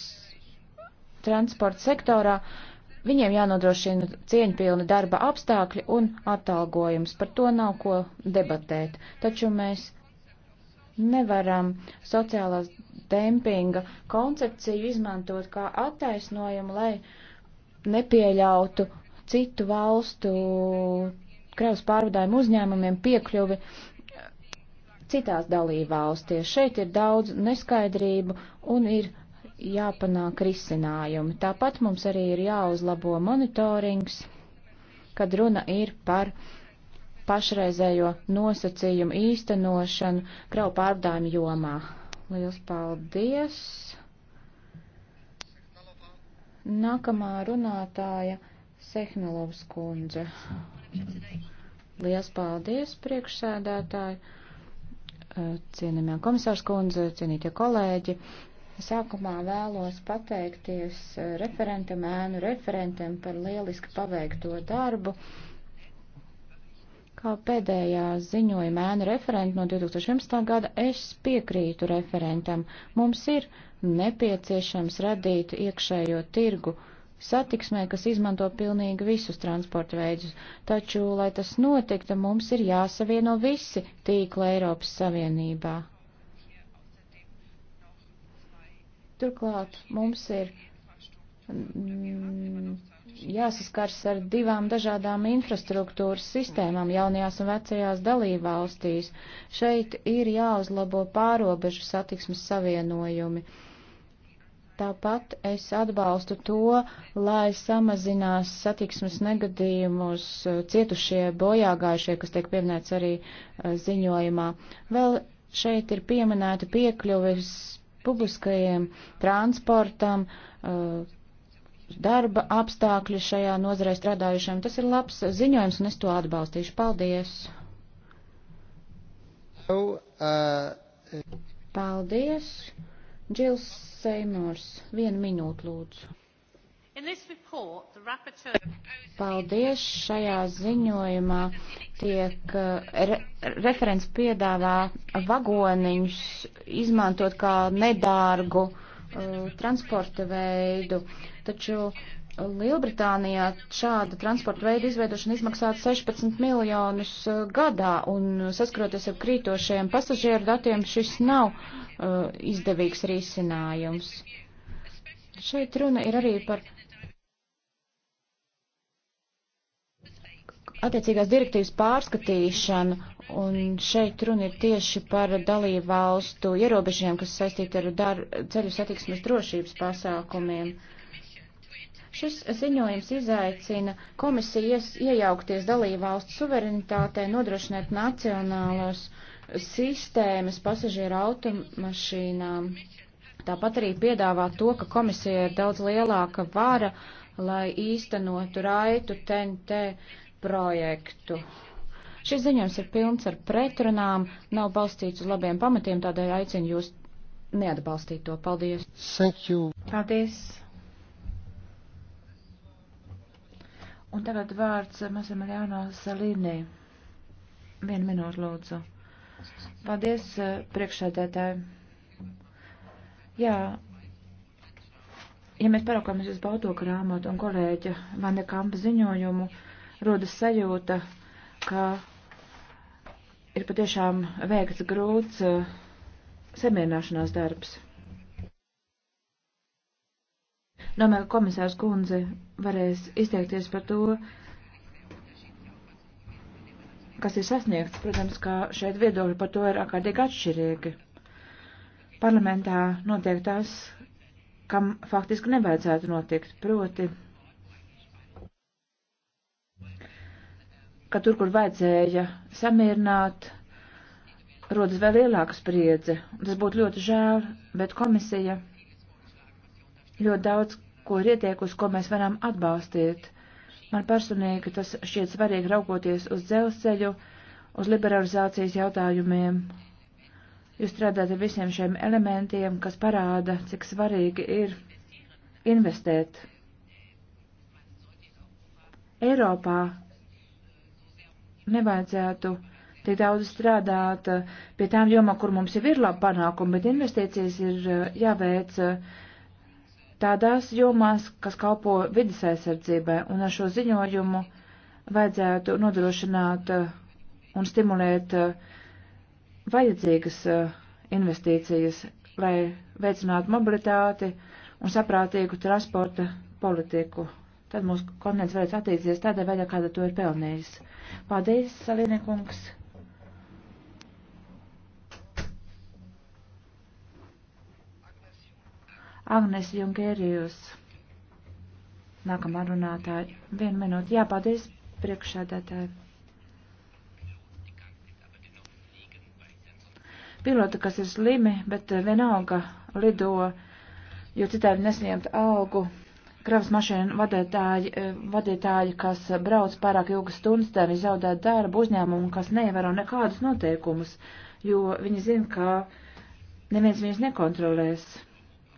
transporta sektorā, viņiem jānodrošina cieņpilni darba apstākļi un atalgojums. Par to nav ko debatēt. Taču mēs nevaram sociālās dempinga koncepciju izmantot kā attaisnojumu, lai nepieļautu citu valstu krevas pārvadājumu uzņēmumiem piekļuvi citās dalībvalstīs. Šeit ir daudz neskaidrību un ir jāpanāk risinājumi. Tāpat mums arī ir jāuzlabo monitorings, kad runa ir par pašreizējo nosacījumu īstenošanu kravu pārvadājumu jomā. Liels paldies! Nākamā runātāja Sehmilovs kundze. Liels paldies, priekšsēdētāji, cienījamā komisārs kundze, cienītie kolēģi. Sākumā vēlos pateikties referentam, ēnu referentam par lieliski paveikto darbu. Kā pēdējā ziņojuma ēna referenta no 2011. gada, es piekrītu referentam. Mums ir nepieciešams radīt iekšējo tirgu satiksmē, kas izmanto pilnīgi visus transporta veidus, taču, lai tas notiktu, mums ir jāsavieno visi tīkli Eiropas Savienībā. Turklāt mums ir. Mm, jāsaskars ar divām dažādām infrastruktūras sistēmām jaunajās un vecajās dalībvalstīs. Šeit ir jāuzlabo pārobežu satiksmes savienojumi. Tāpat es atbalstu to, lai samazinās satiksmes negadījumus uh, cietušie bojāgājušie, kas tiek pieminēts arī uh, ziņojumā. Vēl šeit ir pieminēta piekļuvis publiskajiem transportam, uh, darba apstākļi šajā nozarē strādājušiem. Tas ir labs ziņojums, un es to atbalstīšu. Paldies! Uh, Paldies! Džils Seimors, vienu minūtu lūdzu. Paldies! Šajā ziņojumā tiek uh, re, referents piedāvā vagoniņus izmantot kā nedārgu uh, transporta veidu. Uh, taču Lielbritānijā šāda transporta veida izveidošana izmaksātu 16 miljonus uh, gadā, un saskaroties ar krītošajiem pasažieru datiem, šis nav uh, izdevīgs risinājums. Šeit runa ir arī par attiecīgās direktīvas pārskatīšanu, un šeit runa ir tieši par dalību valstu ierobežiem, kas saistīti ar dar, ceļu satiksmes drošības pasākumiem. Uh, Šis ziņojums izaicina komisiju iejaukties dalībvalstu suverenitātei, nodrošināt nacionālos sistēmas pasažieru automašīnām. Tāpat arī piedāvā to, ka komisija ir daudz lielāka vara, lai īstenotu raitu TNT projektu. Šis ziņojums ir pilns ar pretrunām, nav balstīts uz labiem pamatiem, tādēļ aicinu jūs neatbalstīt to. Paldies! Thank you! Paldies! Un tagad vārds Masimiliāno Salīnī. Vienu minūtu lūdzu. Paldies, eh, priekšsēdētāji. Jā, ja mēs paraugāmies uz balto grāmatu un kolēģa Vanda Kampa ziņojumu, rodas sajūta, ka ir patiešām veikts grūts eh, semierināšanās darbs. Domāju, ka komisārs kundze varēs izteikties par to, kas ir sasniegts. Protams, ka šeit viedokļi par to ir ārkārtīgi atšķirīgi. Parlamentā notiek tas, kam faktiski nevajadzētu notikt, proti, ka tur, kur vajadzēja samierināt, rodas vēl lielāka spriedze. Tas būtu ļoti žēl, bet komisija ļoti daudz, ko ir ieteikusi, ko mēs varam atbalstīt. Man personīgi tas šķiet svarīgi raugoties uz dzelzceļu, uz liberalizācijas jautājumiem. Jūs strādājat ar visiem šiem elementiem, kas parāda, cik svarīgi ir investēt. Eiropā nevajadzētu tik daudz strādāt pie tām jomām, kur mums jau ir labi panākumi, bet investīcijas ir eh, jāveic uh, tādās jomās, kas kalpo vidas aizsardzībai, un ar šo ziņojumu vajadzētu nodrošināt eh, un stimulēt eh, vajadzīgas eh, investīcijas, lai veicinātu mobilitāti un saprātīgu transporta politiku. Tad mūsu kontinents varētu attīstīties tādā veidā, kāda to ir pelnījis. Paldies, Salīnekungs! Agnes Jungērijus. Nākamā runātāja. Vienu minūti. Jā, paldies priekšsēdētāji. Piloti, kas ir slimi, bet vienalga lido, jo citādi nesņemt augu. Kravas mašīnu vadītāji, eh, vadītāji, kas brauc pārāk ilgas stundas, tā arī zaudē darbu uzņēmumu, kas neievēro nekādus noteikumus, jo viņi zina, ka neviens viņus nekontrolēs.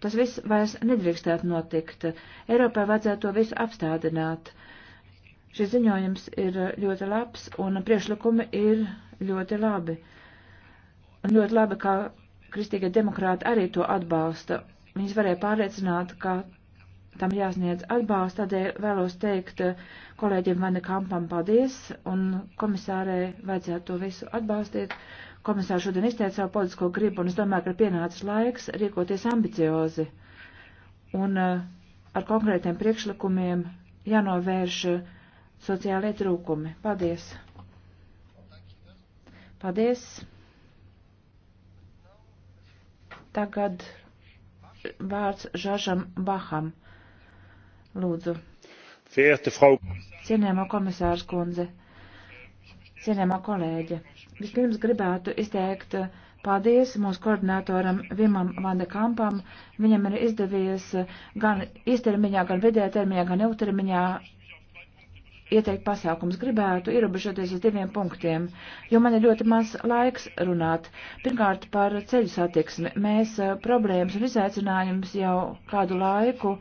Tas viss vairs nedrīkstētu notikt. Eiropā vajadzētu to visu apstādināt. Šis ziņojums ir ļoti labs un priekšlikumi ir ļoti labi. Un ļoti labi, ka kristīgie demokrāti arī to atbalsta. Viņas varēja pārliecināt, ka tam jāsniedz atbalsts, tādēļ vēlos teikt kolēģiem Vani Kampam paldies un komisārē vajadzētu to visu atbalstīt. Komisārs šodien izteica savu politisko gribu, un es domāju, ka ir pienācis laiks rīkoties ambiciozi un eh, ar konkrētiem priekšlikumiem jānovērš eh, sociālie trūkumi. Paldies! Paldies! Tagad vārds Žažam Baham. Lūdzu. Cienējamo komisārs kundze. Cienējamā kolēģe, vispirms gribētu izteikt paldies mūsu koordinatoram Vimam Vandekampam. Viņam ir izdevies gan īstermiņā, gan vidē termiņā, gan ilgtermiņā ieteikt pasākums. Gribētu ierobežoties uz diviem punktiem, jo man ir ļoti maz laiks runāt. Pirmkārt, par ceļu satiksmi. Mēs eh, problēmas un izaicinājumus jau kādu laiku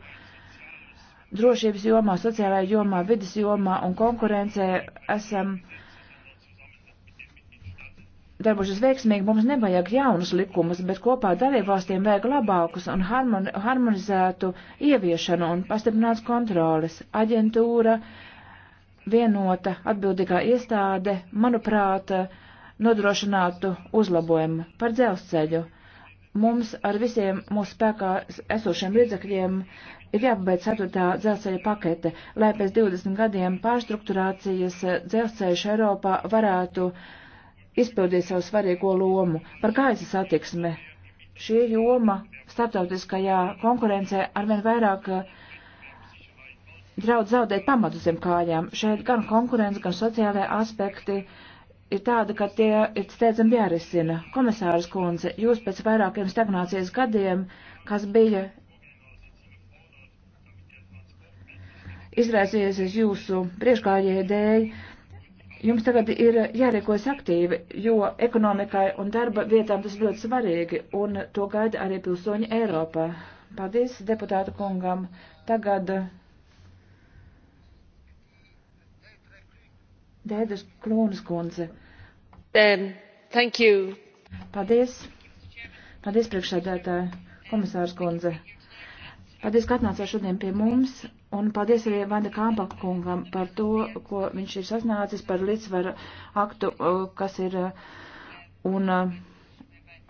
drošības jomā, sociālajā jomā, vidas jomā un konkurencē esam. Um, darbošos veiksmīgi, mums nevajag jaunus likumus, bet kopā dalībvalstīm vajag labākus un harmonizētu ieviešanu un pastiprināts kontroles. Aģentūra, vienota atbildīgā iestāde, manuprāt, nodrošinātu uzlabojumu par dzelzceļu. Mums ar visiem mūsu spēkā esošiem līdzakļiem ir jāpabeidz 4. dzelzceļa pakete, lai pēc 20 gadiem pārstruktūrācijas dzelzceļš Eiropā varētu uh, izpildīja savu svarīgo lomu par gaisa satiksmi. Šī joma starptautiskajā konkurencē arvien vairāk eh, draudz zaudēt pamatu zem kājām. Šeit gan konkurence, gan sociālajie aspekti ir tādi, ka tie ir steidzami jārisina. Komisārs Kunze, jūs pēc vairākiem stagnācijas gadiem, kas bija izraisījies jūsu priekšgājēju dēļ, Jums tagad ir jārīkojas aktīvi, jo ekonomikai un darba vietām tas ļoti svarīgi, un to gaida arī pilsoņi Eiropā. Paldies deputātu kungam. Tagad Dēdas Klūnas kundze. Um, thank you. Paldies. Paldies priekšsēdētāji, komisārs kundze. Paldies, ka atnācāt šodien pie mums. Un paldies arī Vanda Kampa kungam par to, ko viņš ir sasnācis par līdzsvaru aktu, kas ir un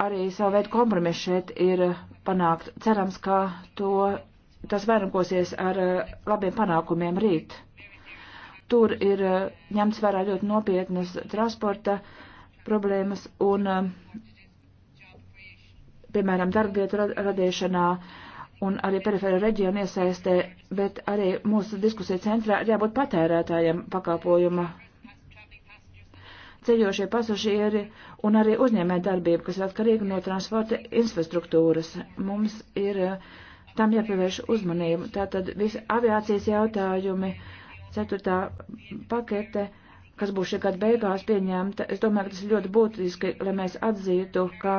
arī savu veidu kompromisu šeit ir panākt. Cerams, ka to, tas vairākosies ar labiem panākumiem rīt. Tur ir ņemts vērā ļoti nopietnas transporta problēmas un, piemēram, darbvietu radīšanā. Rad un arī perifēra reģiona iesaistē, bet arī mūsu diskusija centrā ir jābūt patērētājiem pakalpojuma ceļošie pasažieri un arī uzņēmē darbība, kas ir atkarīga no transporta infrastruktūras. Mums ir eh, tam jāpievērš uzmanību. Tātad visi aviācijas jautājumi, ceturtā pakete, kas būs šī gada beigās pieņemta, es domāju, ka tas ir ļoti būtiski, lai mēs atzītu, ka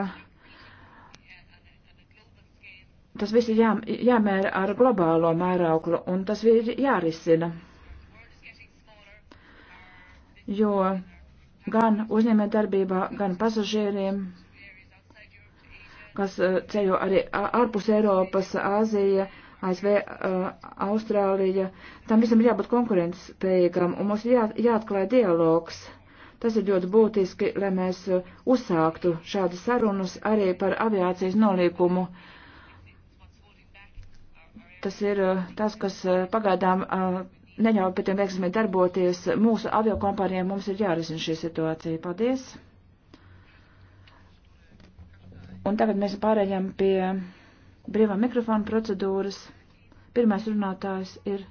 tas viss ir jā, jāmēra ar globālo mērauklu, un tas ir jārisina. Jo gan uzņēmē darbībā, gan pasažieriem, kas eh, ceļo arī ārpus Eiropas, Āzija, ASV, eh, Austrālija, tam visam ir jābūt konkurences spējīgam, un mums ir jā, jāatklāj dialogs. Tas ir ļoti būtiski, lai mēs eh, uzsāktu šādas sarunas arī par aviācijas nolīkumu. Uh, Tas ir eh, tas, kas eh, pagaidām eh, neļauj pēc tiem veiksmīgi darboties. Mūsu aviokompānijām mums ir jārisina šī situācija. Paldies! Un tagad mēs pārējām pie brīvā mikrofona procedūras. Pirmais runātājs ir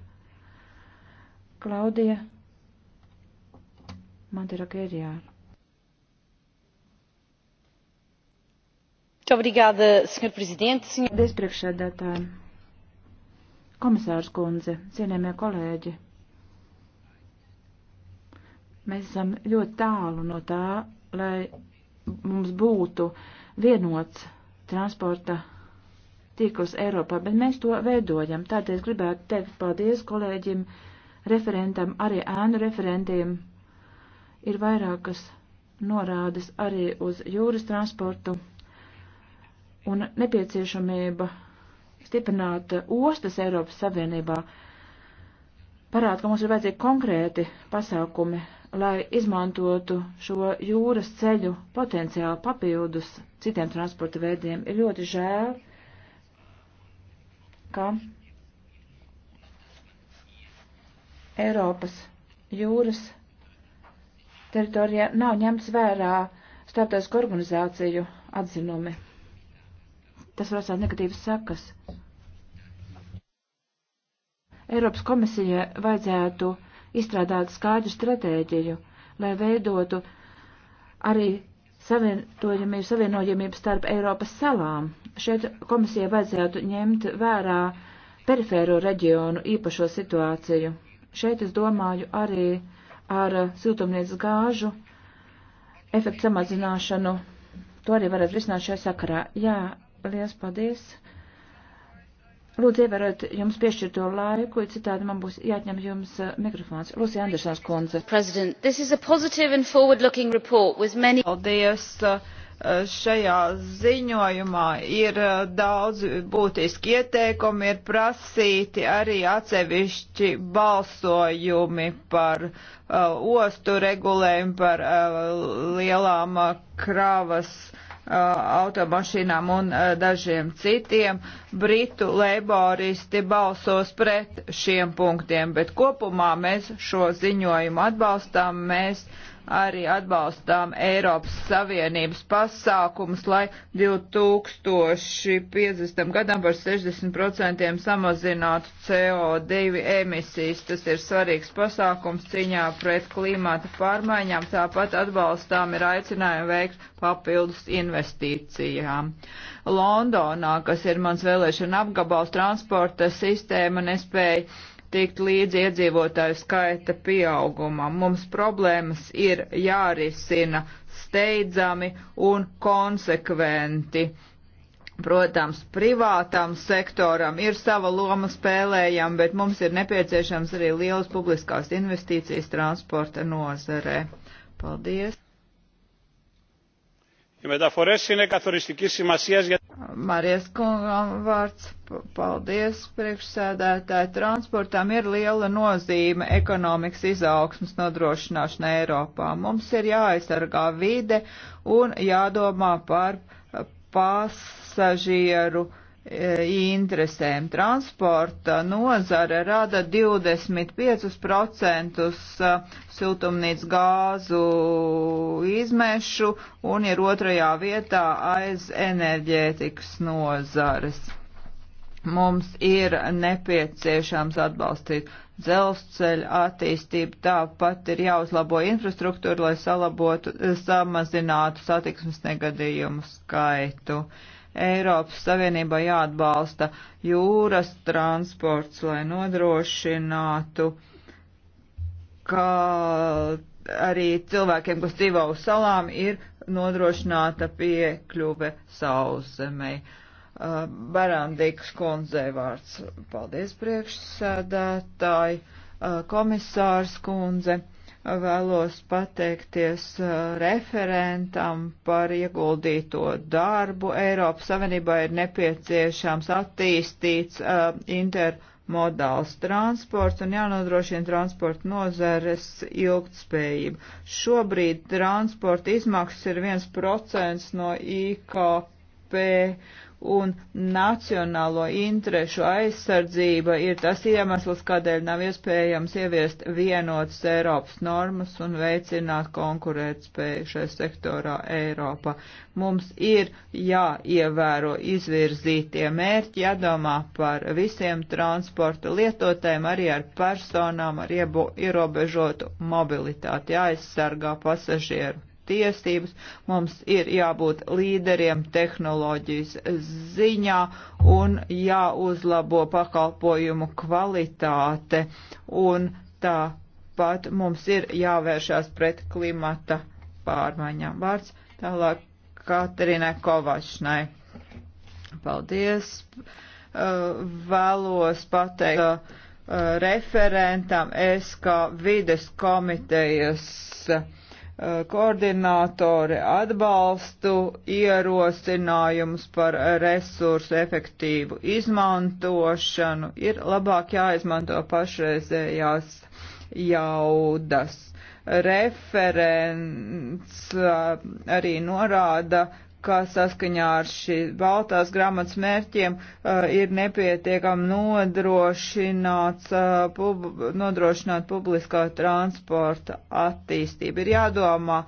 Klaudija Madera Kerjāra. Obrigada, Sr. Presidente. Senhor... Despriekšsēdētāji. Komisārs kundze, cienējamie kolēģi, mēs esam ļoti tālu no tā, lai mums būtu vienots transporta tīkls Eiropā, bet mēs to veidojam. Tādēļ es gribētu teikt paldies kolēģim, referentam, arī ēnu referentiem. Ir vairākas norādes arī uz jūras transportu un nepieciešamība stiprināt ostas Eiropas Savienībā, parāda, ka mums ir vajadzīgi konkrēti pasākumi, lai izmantotu šo jūras ceļu potenciālu papildus citiem transporta veidiem. Ir ļoti žēl, ka Eiropas jūras teritorijā nav ņemts vērā starptautisko organizāciju atzinumi tas var atstāt negatīvas sekas. Eiropas komisija vajadzētu izstrādāt skaidru stratēģiju, lai veidotu arī savienojamību, savienojamību starp Eiropas salām. Šeit komisija vajadzētu ņemt vērā perifēro reģionu īpašo situāciju. Šeit es domāju arī ar siltumnīcas gāžu efektu samazināšanu. To arī varat risināt šajā sakarā. Jā, Lielas paldies! Lūdzu, ievērot jums piešķirto laiku, citādi man būs jāatņem jums uh, mikrofons. Lūsija Andersons kundze. Many... Paldies! Uh, šajā ziņojumā ir uh, daudz būtiski ieteikumi, ir prasīti arī atsevišķi balsojumi par uh, ostu regulējumu, par uh, lielām uh, kravas uh, Uh, automašīnām un uh, dažiem citiem. Britu leiboristi balsos pret šiem punktiem, bet kopumā mēs šo ziņojumu atbalstām. Mēs arī atbalstām Eiropas Savienības pasākumus, lai 2050. gadam par 60% samazinātu CO2 emisijas. Tas ir svarīgs pasākums cīņā pret klimata pārmaiņām. Tāpat atbalstām ir aicinājumi veikt papildus investīcijām. Londonā, kas ir mans vēlēšana apgabals, transporta sistēma nespēja tikt līdz iedzīvotāju skaita pieaugumam. Mums problēmas ir jārisina steidzami un konsekventi. Protams, privātam sektoram ir sava loma spēlējama, bet mums ir nepieciešams arī lielas publiskās investīcijas transporta nozarē. Paldies! Οι μεταφορές είναι καθοριστικής σημασίας για... Marijas kungam vārds. Paldies, priekšsēdētāji. Transportam ir liela nozīme ekonomikas izaugsmas nodrošināšana Eiropā. Mums ir jāaizsargā vide un jādomā par pasažieru uh, E, interesēm. Transporta nozare rada 25% e, siltumnīcas gāzu izmešu un ir otrajā vietā aiz enerģētikas nozares. Mums ir nepieciešams atbalstīt dzelzceļa attīstību, tāpat ir jāuzlabo infrastruktūra, lai salabotu, e, samazinātu satiksmes negadījumu skaitu. Uh, Eiropas Savienībā jāatbalsta jūras transports, lai nodrošinātu, ka arī cilvēkiem, kas dzīvo uz salām, ir nodrošināta piekļuve sauszemei. Uh, Barandīks kundzei vārds. Paldies priekšsēdētāji, uh, komisārs kundze vēlos pateikties uh, referentam par ieguldīto darbu. Eiropas Savienībā ir nepieciešams attīstīts uh, intermodāls transports un jānodrošina transporta nozares ilgtspējība. Šobrīd transporta izmaksas ir 1% no IKP un nacionālo interešu aizsardzība ir tas iemesls, kādēļ nav iespējams ieviest vienotas Eiropas normas un veicināt konkurētspēju šajā sektorā Eiropā. Mums ir jāievēro izvirzītie mērķi, jādomā par visiem transporta lietotēm, arī ar personām ar ierobežotu mobilitāti, jāaizsargā pasažieru tiesības, mums ir jābūt līderiem tehnoloģijas ziņā un jāuzlabo pakalpojumu kvalitāte un tāpat mums ir jāvēršās pret klimata pārmaiņām. Vārds tālāk Katerina Kovačnai. Paldies! Uh, vēlos pateikt uh, referentam, es kā vides komitejas uh, Eh, koordinātori atbalstu ierosinājumus par resursu efektīvu izmantošanu, ir labāk jāizmanto pašreizējās jaudas. Referents eh, arī norāda, ka saskaņā ar šī baltās grāmatas mērķiem uh, ir nepietiekam nodrošināts, uh, pub, nodrošināt publiskā transporta attīstību. Ir jādomā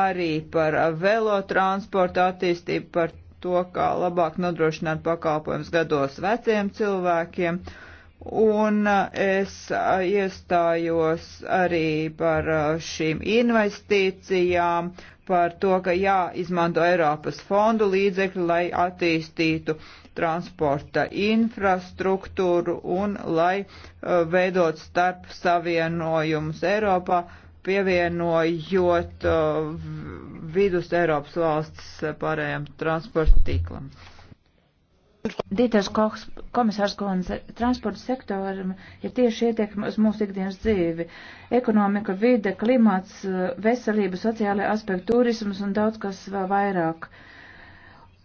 arī par velotransporta attīstību, par to, kā labāk nodrošināt pakalpojumus gados veciem cilvēkiem. Un uh, es uh, iestājos arī par uh, šīm investīcijām, par to, ka jāizmanto Eiropas fondu līdzekļi, lai attīstītu transporta infrastruktūru un lai uh, veidot starp savienojumus Eiropā, pievienojot uh, vidus Eiropas valsts uh, pārējiem transporta tīklam. Dīters Koks, komisārs Kondze, transporta sektoram ir tieši ietekme uz mūsu ikdienas dzīvi. Ekonomika, vide, klimats, veselība, sociālai aspekti, turisms un daudz kas vēl vairāk.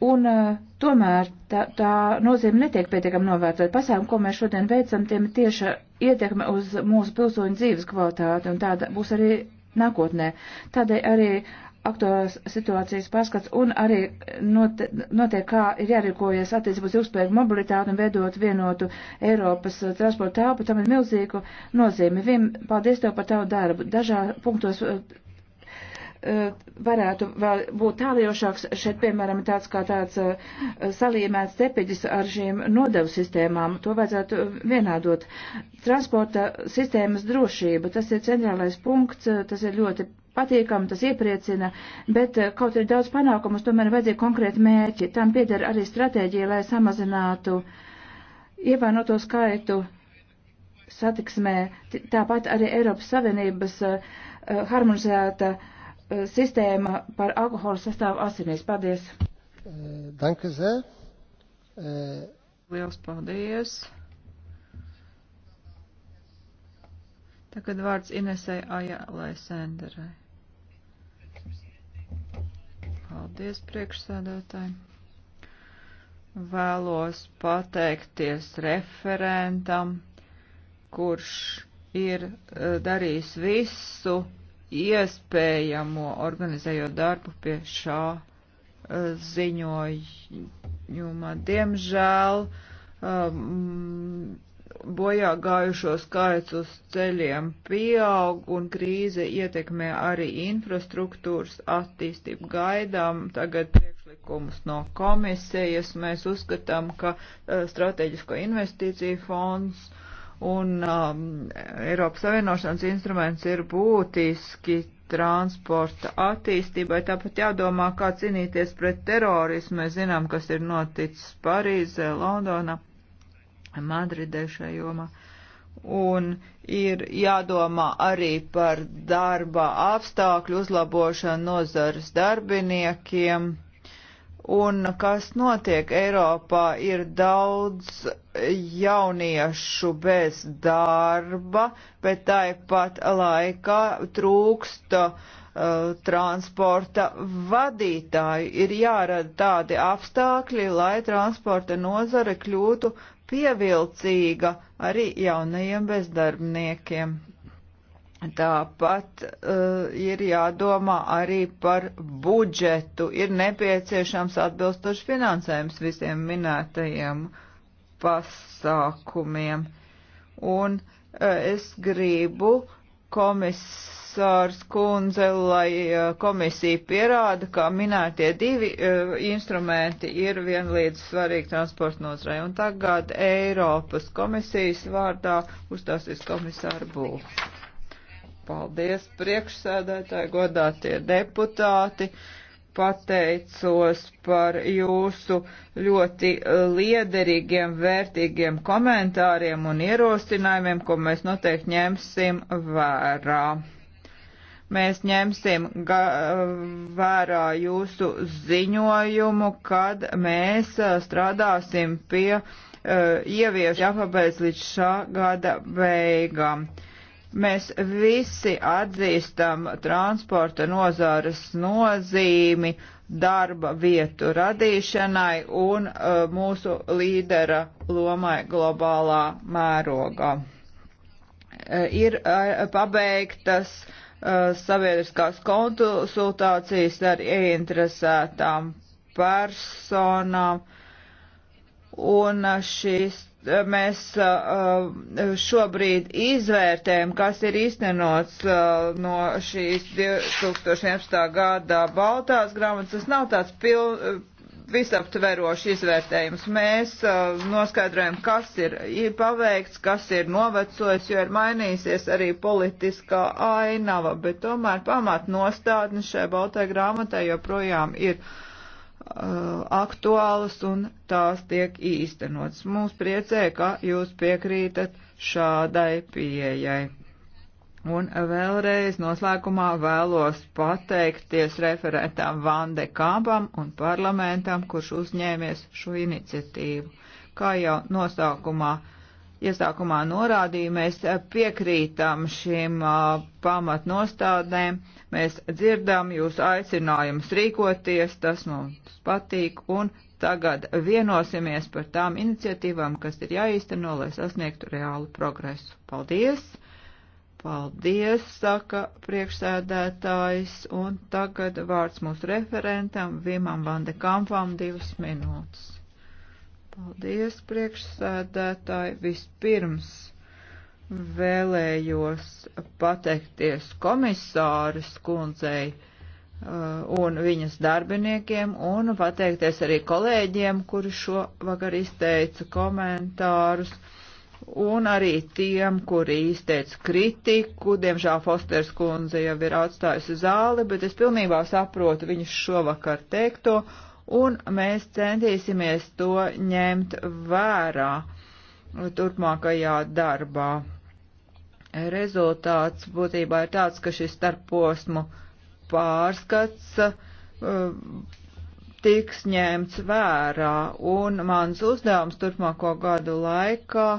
Un uh, tomēr tā, tā nozīme netiek pietiekami novērtēta. Pasākumi, ko mēs šodien veicam, tiem ir tieši ietekme uz mūsu pilsoņu dzīves kvalitāti, un tāda būs arī nākotnē. Tādēļ arī uh, aktuālās situācijas pārskats un arī note, notiek, kā ir jārīkojies attiecībā uz ilgspējīgu mobilitāti un veidot vienotu Eiropas transporta telpu. Tam ir milzīgu nozīmi. Vim, paldies tev par tavu darbu. Dažā punktos eh, eh, varētu vēl būt tālējošāks. Šeit, piemēram, tāds kā tāds eh, salīmēts tepiģis ar šīm nodevu sistēmām. To vajadzētu vienādot. Transporta sistēmas drošība, tas ir centrālais punkts, tas ir ļoti patīkami, tas iepriecina, bet eh, kaut ir daudz panākumus, tomēr vajadzīgi konkrēti mērķi. Tam pieder arī stratēģija, lai samazinātu ievainoto skaitu satiksmē, tāpat arī Eiropas Savienības uh, harmonizēta uh, sistēma par alkoholu sastāvu asinīs. Paldies! Danke sehr! Liels paldies! Tagad vārds Inesai Ajālai Senderai. Paldies, priekšsēdētāji. Vēlos pateikties referentam, kurš ir eh, darījis visu iespējamo, organizējot darbu pie šā eh, ziņojuma. Diemžēl um, bojā gājušo skaits uz ceļiem pieaug un krīze ietekmē arī infrastruktūras attīstību. Gaidām tagad priekšlikumus no komisijas. Mēs uzskatām, ka uh, strateģisko investīciju fonds un um, Eiropas Savienošanas instruments ir būtiski transporta attīstībai. Tāpat jādomā, kā cīnīties pret terorismu. Mēs zinām, kas ir noticis Parīzē, Londonā. Madridē šajā jomā. Un ir jādomā arī par darba apstākļu uzlabošanu nozares darbiniekiem un kas notiek Eiropā, ir daudz jauniešu bez darba, bet tāpat laikā trūksta uh, transporta vadītāju. Ir jārada tādi apstākļi, lai transporta nozare kļūtu pievilcīga arī jaunajiem bezdarbniekiem. Tāpat uh, ir jādomā arī par budžetu. Ir nepieciešams atbilstošs finansējums visiem minētajiem pasākumiem. Un uh, es gribu uh, komisārs kundze, lai e, komisija pierāda, ka minētie divi uh, instrumenti ir vienlīdz svarīgi transporta nozarei. Un tagad Eiropas komisijas vārdā uzstāsies komisāra Būls. Paldies priekšsēdētāji, godātie deputāti. Uh, pateicos par jūsu ļoti e, liederīgiem, vērtīgiem komentāriem un ierosinājumiem, ko mēs noteikti ņemsim vērā. Mēs ņemsim e, vērā jūsu ziņojumu, kad mēs e, strādāsim pie uh, ieviešu jāpabeidz līdz šā gada beigām. Uh, Mēs visi atzīstam transporta nozāras nozīmi darba vietu radīšanai un uh, mūsu līdera lomai globālā mērogā. Uh, ir uh, pabeigtas uh, sabiedriskās konsultācijas ar ieinteresētām personām, un šis mēs uh, uh, šobrīd izvērtējam, kas ir īstenots uh, no šīs 2011. gada Baltās grāmatas. Tas nav tāds piln, visaptverošs izvērtējums. Mēs uh, noskaidrojam, kas ir paveikts, kas ir novecojis, jo ir mainīsies arī politiskā ainava, bet tomēr pamatnostādne šai baltai grāmatai joprojām ir Uh, aktuālas un tās tiek īstenotas. Mums priecē, ka jūs piekrītat šādai pieejai. Un vēlreiz noslēgumā vēlos pateikties referentam Vande Kampam un parlamentam, kurš uzņēmies šo iniciatīvu. Kā jau nosaukumā iesākumā norādīju, mēs piekrītam šīm pamatnostādēm, mēs dzirdam jūsu aicinājumus rīkoties, tas mums patīk, un tagad vienosimies par tām iniciatīvām, kas ir jāīsteno, lai sasniegtu reālu progresu. Paldies! Paldies, saka priekšsēdētājs, un tagad vārds mūsu referentam Vimam Vande Kampam divas minūtes. Paldies, priekšsēdētāji. Vispirms vēlējos pateikties komisāras kundzei uh, un viņas darbiniekiem, un pateikties arī kolēģiem, kuri šo vakar izteica komentārus, un arī tiem, kuri izteica kritiku. Diemžēl Fosters kundze jau ir atstājusi zāli, bet es pilnībā saprotu viņas šovakar teikto, un mēs centīsimies to ņemt vērā turpmākajā darbā. Rezultāts būtībā ir tāds, ka šis starposmu pārskats uh, tiks ņemts vērā, un mans uzdevums turpmāko gadu laikā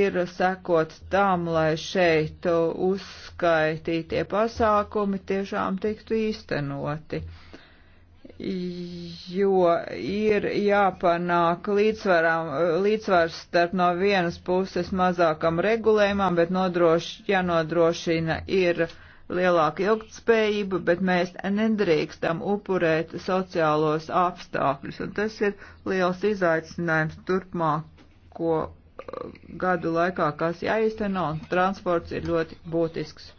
ir sekot tam, lai šeit uzskaitītie pasākumi tiešām tiktu īstenoti jo ir jāpanāk līdzsvars starp no vienas puses mazākam regulējumam, bet nodroš, jānodrošina ir lielāka ilgtspējība, bet mēs nedrīkstam upurēt sociālos apstākļus, un tas ir liels izaicinājums turpmāko uh, gadu laikā, kas jāizteno, un transports ir ļoti būtisks